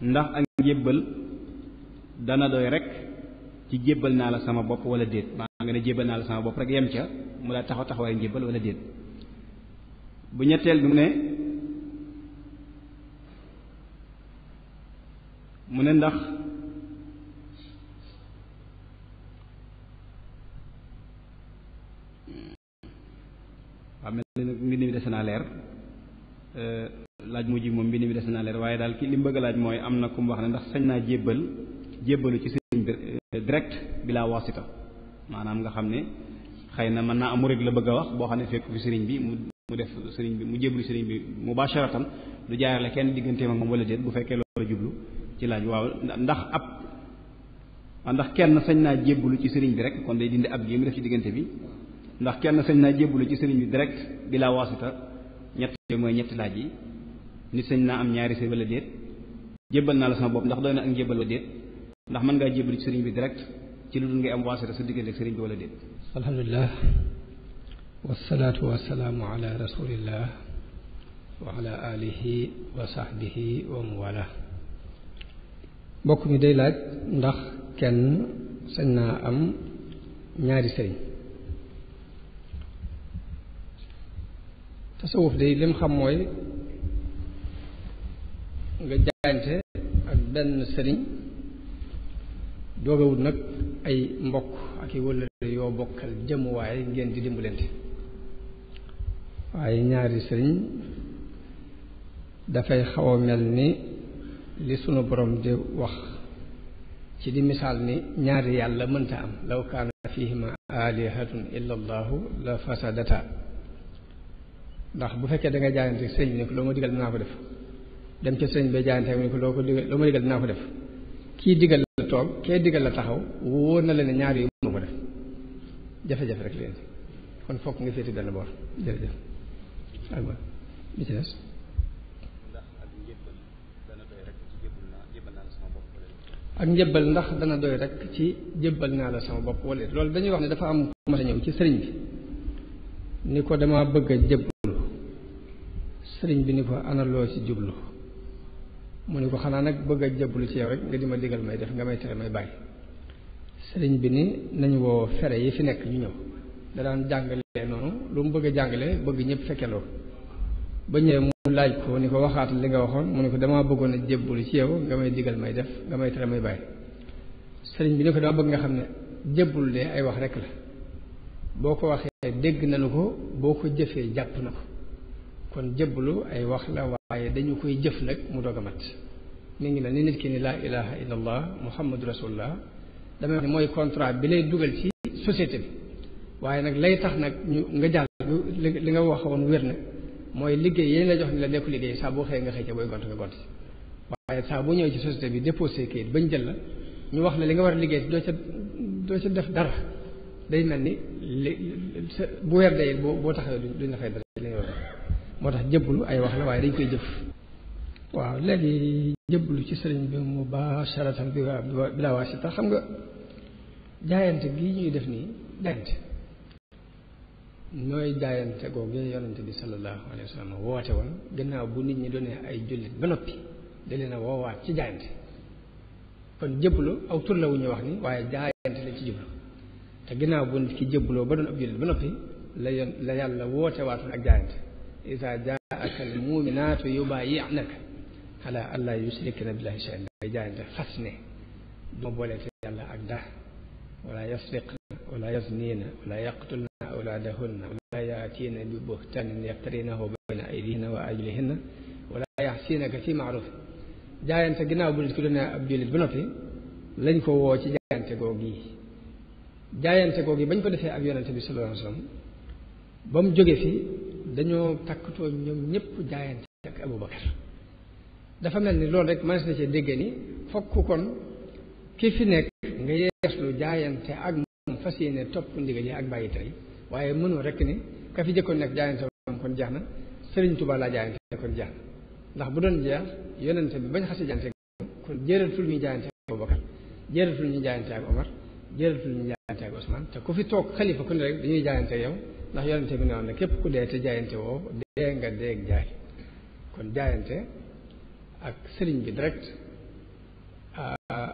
ndax ak njébbal dana doy rekk ci jébbal naa la sama bopp wala déet maa nga ne jébbal naa la sama bopp rek yem ca mu la taxaw taxawaayu njébbal wala déet bu ñetteel bi mu ne mu ne ndax waaw mel na nag mbind mi dese naa leer euh, laaj mujj moom mbind mi dese naa leer waaye daal ki li mu bëgg laaj mooy am na ku mu wax ne ndax sañ naa jébbal jébbalu ci sëriñ direct bila wasita maanaam nga xam ne xëy na mën naa am murid la bëgg a wax boo xam ne fekk fi sëriñ bi mu mu def sëriñ bi mu jéblu sëriñ bi mubasharatan du jaarale kenn diggante ak moom wala déet bu fekkee loolu jublu ci laaj waaw ndax ab ndax kenn sëñ naa jéblu ci sëriñ bi rek kon day dindi ab gi mu def ci diggante bi ndax kenn sëñ naa jéblu ci sëriñ bi direct bila wasita ñett mooy ñetti laaj yi nit sañ naa am ñaari sëy wala déet ndax man nga jibril serigne bi direct ci lu dul ngay am waasira sa diggante ak sëriñ bi wala wassalatu wassalamu ala rasulillah wa ala alihi wa sahbihi wa mawala bokku mi day laaj ndax kenn sañ naa am ñaari serigne tasawuf day lim xam moy nga jante ak ben serigne doogawut nag ay mbokk ak i wëllëre yoo bokkal jëmuwaay ngeen di dimbalante waaye ñaari sëriñ dafay xaw a mel ni li sunu borom di wax ci di misaal ni ñaari yàlla mënta am law kaana fihima alihatun illa allahu la fasadata ndax bu fekkee da nga jaayante sëriñ bi ne ko loo ma digal dinaa ko def ba jaayante mu ne ko loo dinaa ko def kii digal la toog kee digal la taxaw wóor na la ne ñaar yu mu ko def jafe-jafe rek leen kon fokk nga féete benn boor jërëjëf aywa bi ak njëbbal ndax dana doy rek ci jëbbal naa la sama bopp wala loolu dañuy wax ni dafa am ku mas ñëw ci sëriñ bi ni ko dama bëgg a jëbbalu sëriñ bi ni ko analoo ci jublu mu ne ko xanaa nag bëgg a jébbalu ci yow rek nga di ma digal may def nga may tere may bàyyi sëriñ bi ni nañu woo fere yi fi nekk ñu ñëw da daan jàngale noonu lu mu bëgg a jàngale bëgg ñëpp fekke loolu ba ñëwee mu laaj ko ni ko waxaat li nga waxoon mu ni ko damaa bëggoon a jébbalu ci yow nga may diggal may def nga may tere may bàyyi sëriñ bi ni ko dama bëgg nga xam ne jébbalu de ay wax rek la boo ko waxee dégg nañu ko boo ko jëfee jàpp na ko kon jëblu ay wax la waye dañu koy jëf nak mu doog a mat mi ngi la ni nit ki ni la ilaha illallah muhammad rasulullah dama ni moy contrat bi lay duggal ci société bi waye nak lay tax nak ñu nga jàll li nga wax won werna moy liggey yéen la jox ni la nek liggey sa bu xey nga xëy ci boy gont nga gont waye sa bu ñew ci société bi déposer kayit bañ jël la ñu wax la li nga war liggey do ca do ca def dara day melni bu wer day bo taxé duñ la fay dara li nga war moo tax jëbbalu ay wax la waaye dañ koy jëf waaw léegi lu ci sëriñ bi mu baasharatan bi bi laa waasita xam nga jaayant gi ñuy def nii jaayante ñooy jaayante googee yonante bi sallallahu alayhi wa sallam woote woon gannaaw bu nit ñi doonee ay jullit ba noppi da leen a woowaat ci jaayante kon jëbbalu aw tur la wax ni waaye jaayante la ci jublu te gannaaw bu nit ki jëbbaloo ba doon ab jullit ba noppi la la yàlla woote waatoon ak jaayante إذا جاءك المؤمنات يبايعنك على ألا يشركن بالله شيئا إذا أنت خسنه دبولة الله أكده ولا يسرقن ولا يزنين ولا يقتلن أولادهن ولا يأتين ببهتان يقترينه بين أيديهن وأجلهن ولا يحسينك في معروف جاء أنت قلنا أبو لنا أبو لبنطي لنكو ووتي جاء أنت قوغي جاء أنت قوغي بنكو دفع أبو لنتبي صلى الله عليه وسلم بم في dañoo takkatoo ñoom ñëpp jaayante ak Aboubacar dafa mel ni loolu rek mënees na cee déggee ni fokk kon ki fi nekk nga yeeslu jaayante ak moom fas yéene topp ndigal yi ak bàyyi tere waaye mënoo rek ni ka fi jëkkoon nekk jaayante moom kon jeex na Serigne Touba laa jaayante kon jeex na ndax bu doon jeex yonente bi bañ xasee jaayante kon jëratul ñu jaayante ak Aboubacar jëratul ñu jaayante ak Omar jëratul ñu jaayante ak Ousmane te ku fi toog xalifa ko ne rek dañuy jaayante yow. ndax yonente bi noonu ne képp ku dee te jaayante woo dee nga dee jaay kon jaayante ak sëriñ bi direct ah,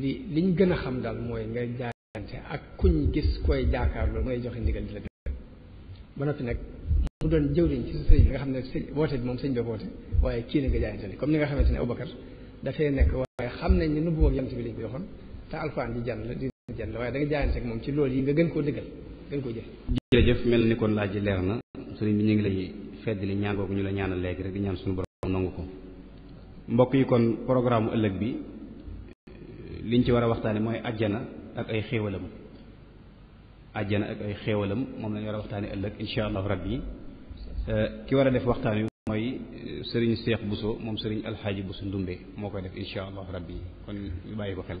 li liñ gën a xam daal mooy nga jaayante ak kuñ gis koy jaakaar loolu ngay joxe ndigal di la a noppi nag mu doon jëwriñ ci sëriñ bi nga xam ne sëñ woote bi moom sëñ bi woote waaye kii na nga jaayante li comme ni nga xamante ne Abubakar dafay nekk waaye xam nañ ne nubbu ak yonent bi lañ ko joxoon te alxuraan ji jàng la di jàng moom ci loolu yi nga gën koo gën ko jëf jërëjëf mel ni kon laaj ji leer na sëriñ bi ñu ngi lay feddali ñaan googu ñu la ñaanal léegi rek di ñaan suñu borom nangu ko mbokk yi kon programme ëllëg bi liñ ci war a waxtaane mooy ajjana ak ay xéewalam ajjana ak ay xéewalam moom lañu war a waxtaane ëllëg insha allahu rabbi ki war a def waxtaan wi mooy sëriñ Seex Buso moom sëriñ Alxaaji Buso Ndumbe moo koy def insha allahu rabbi kon ñu bàyyi ko xel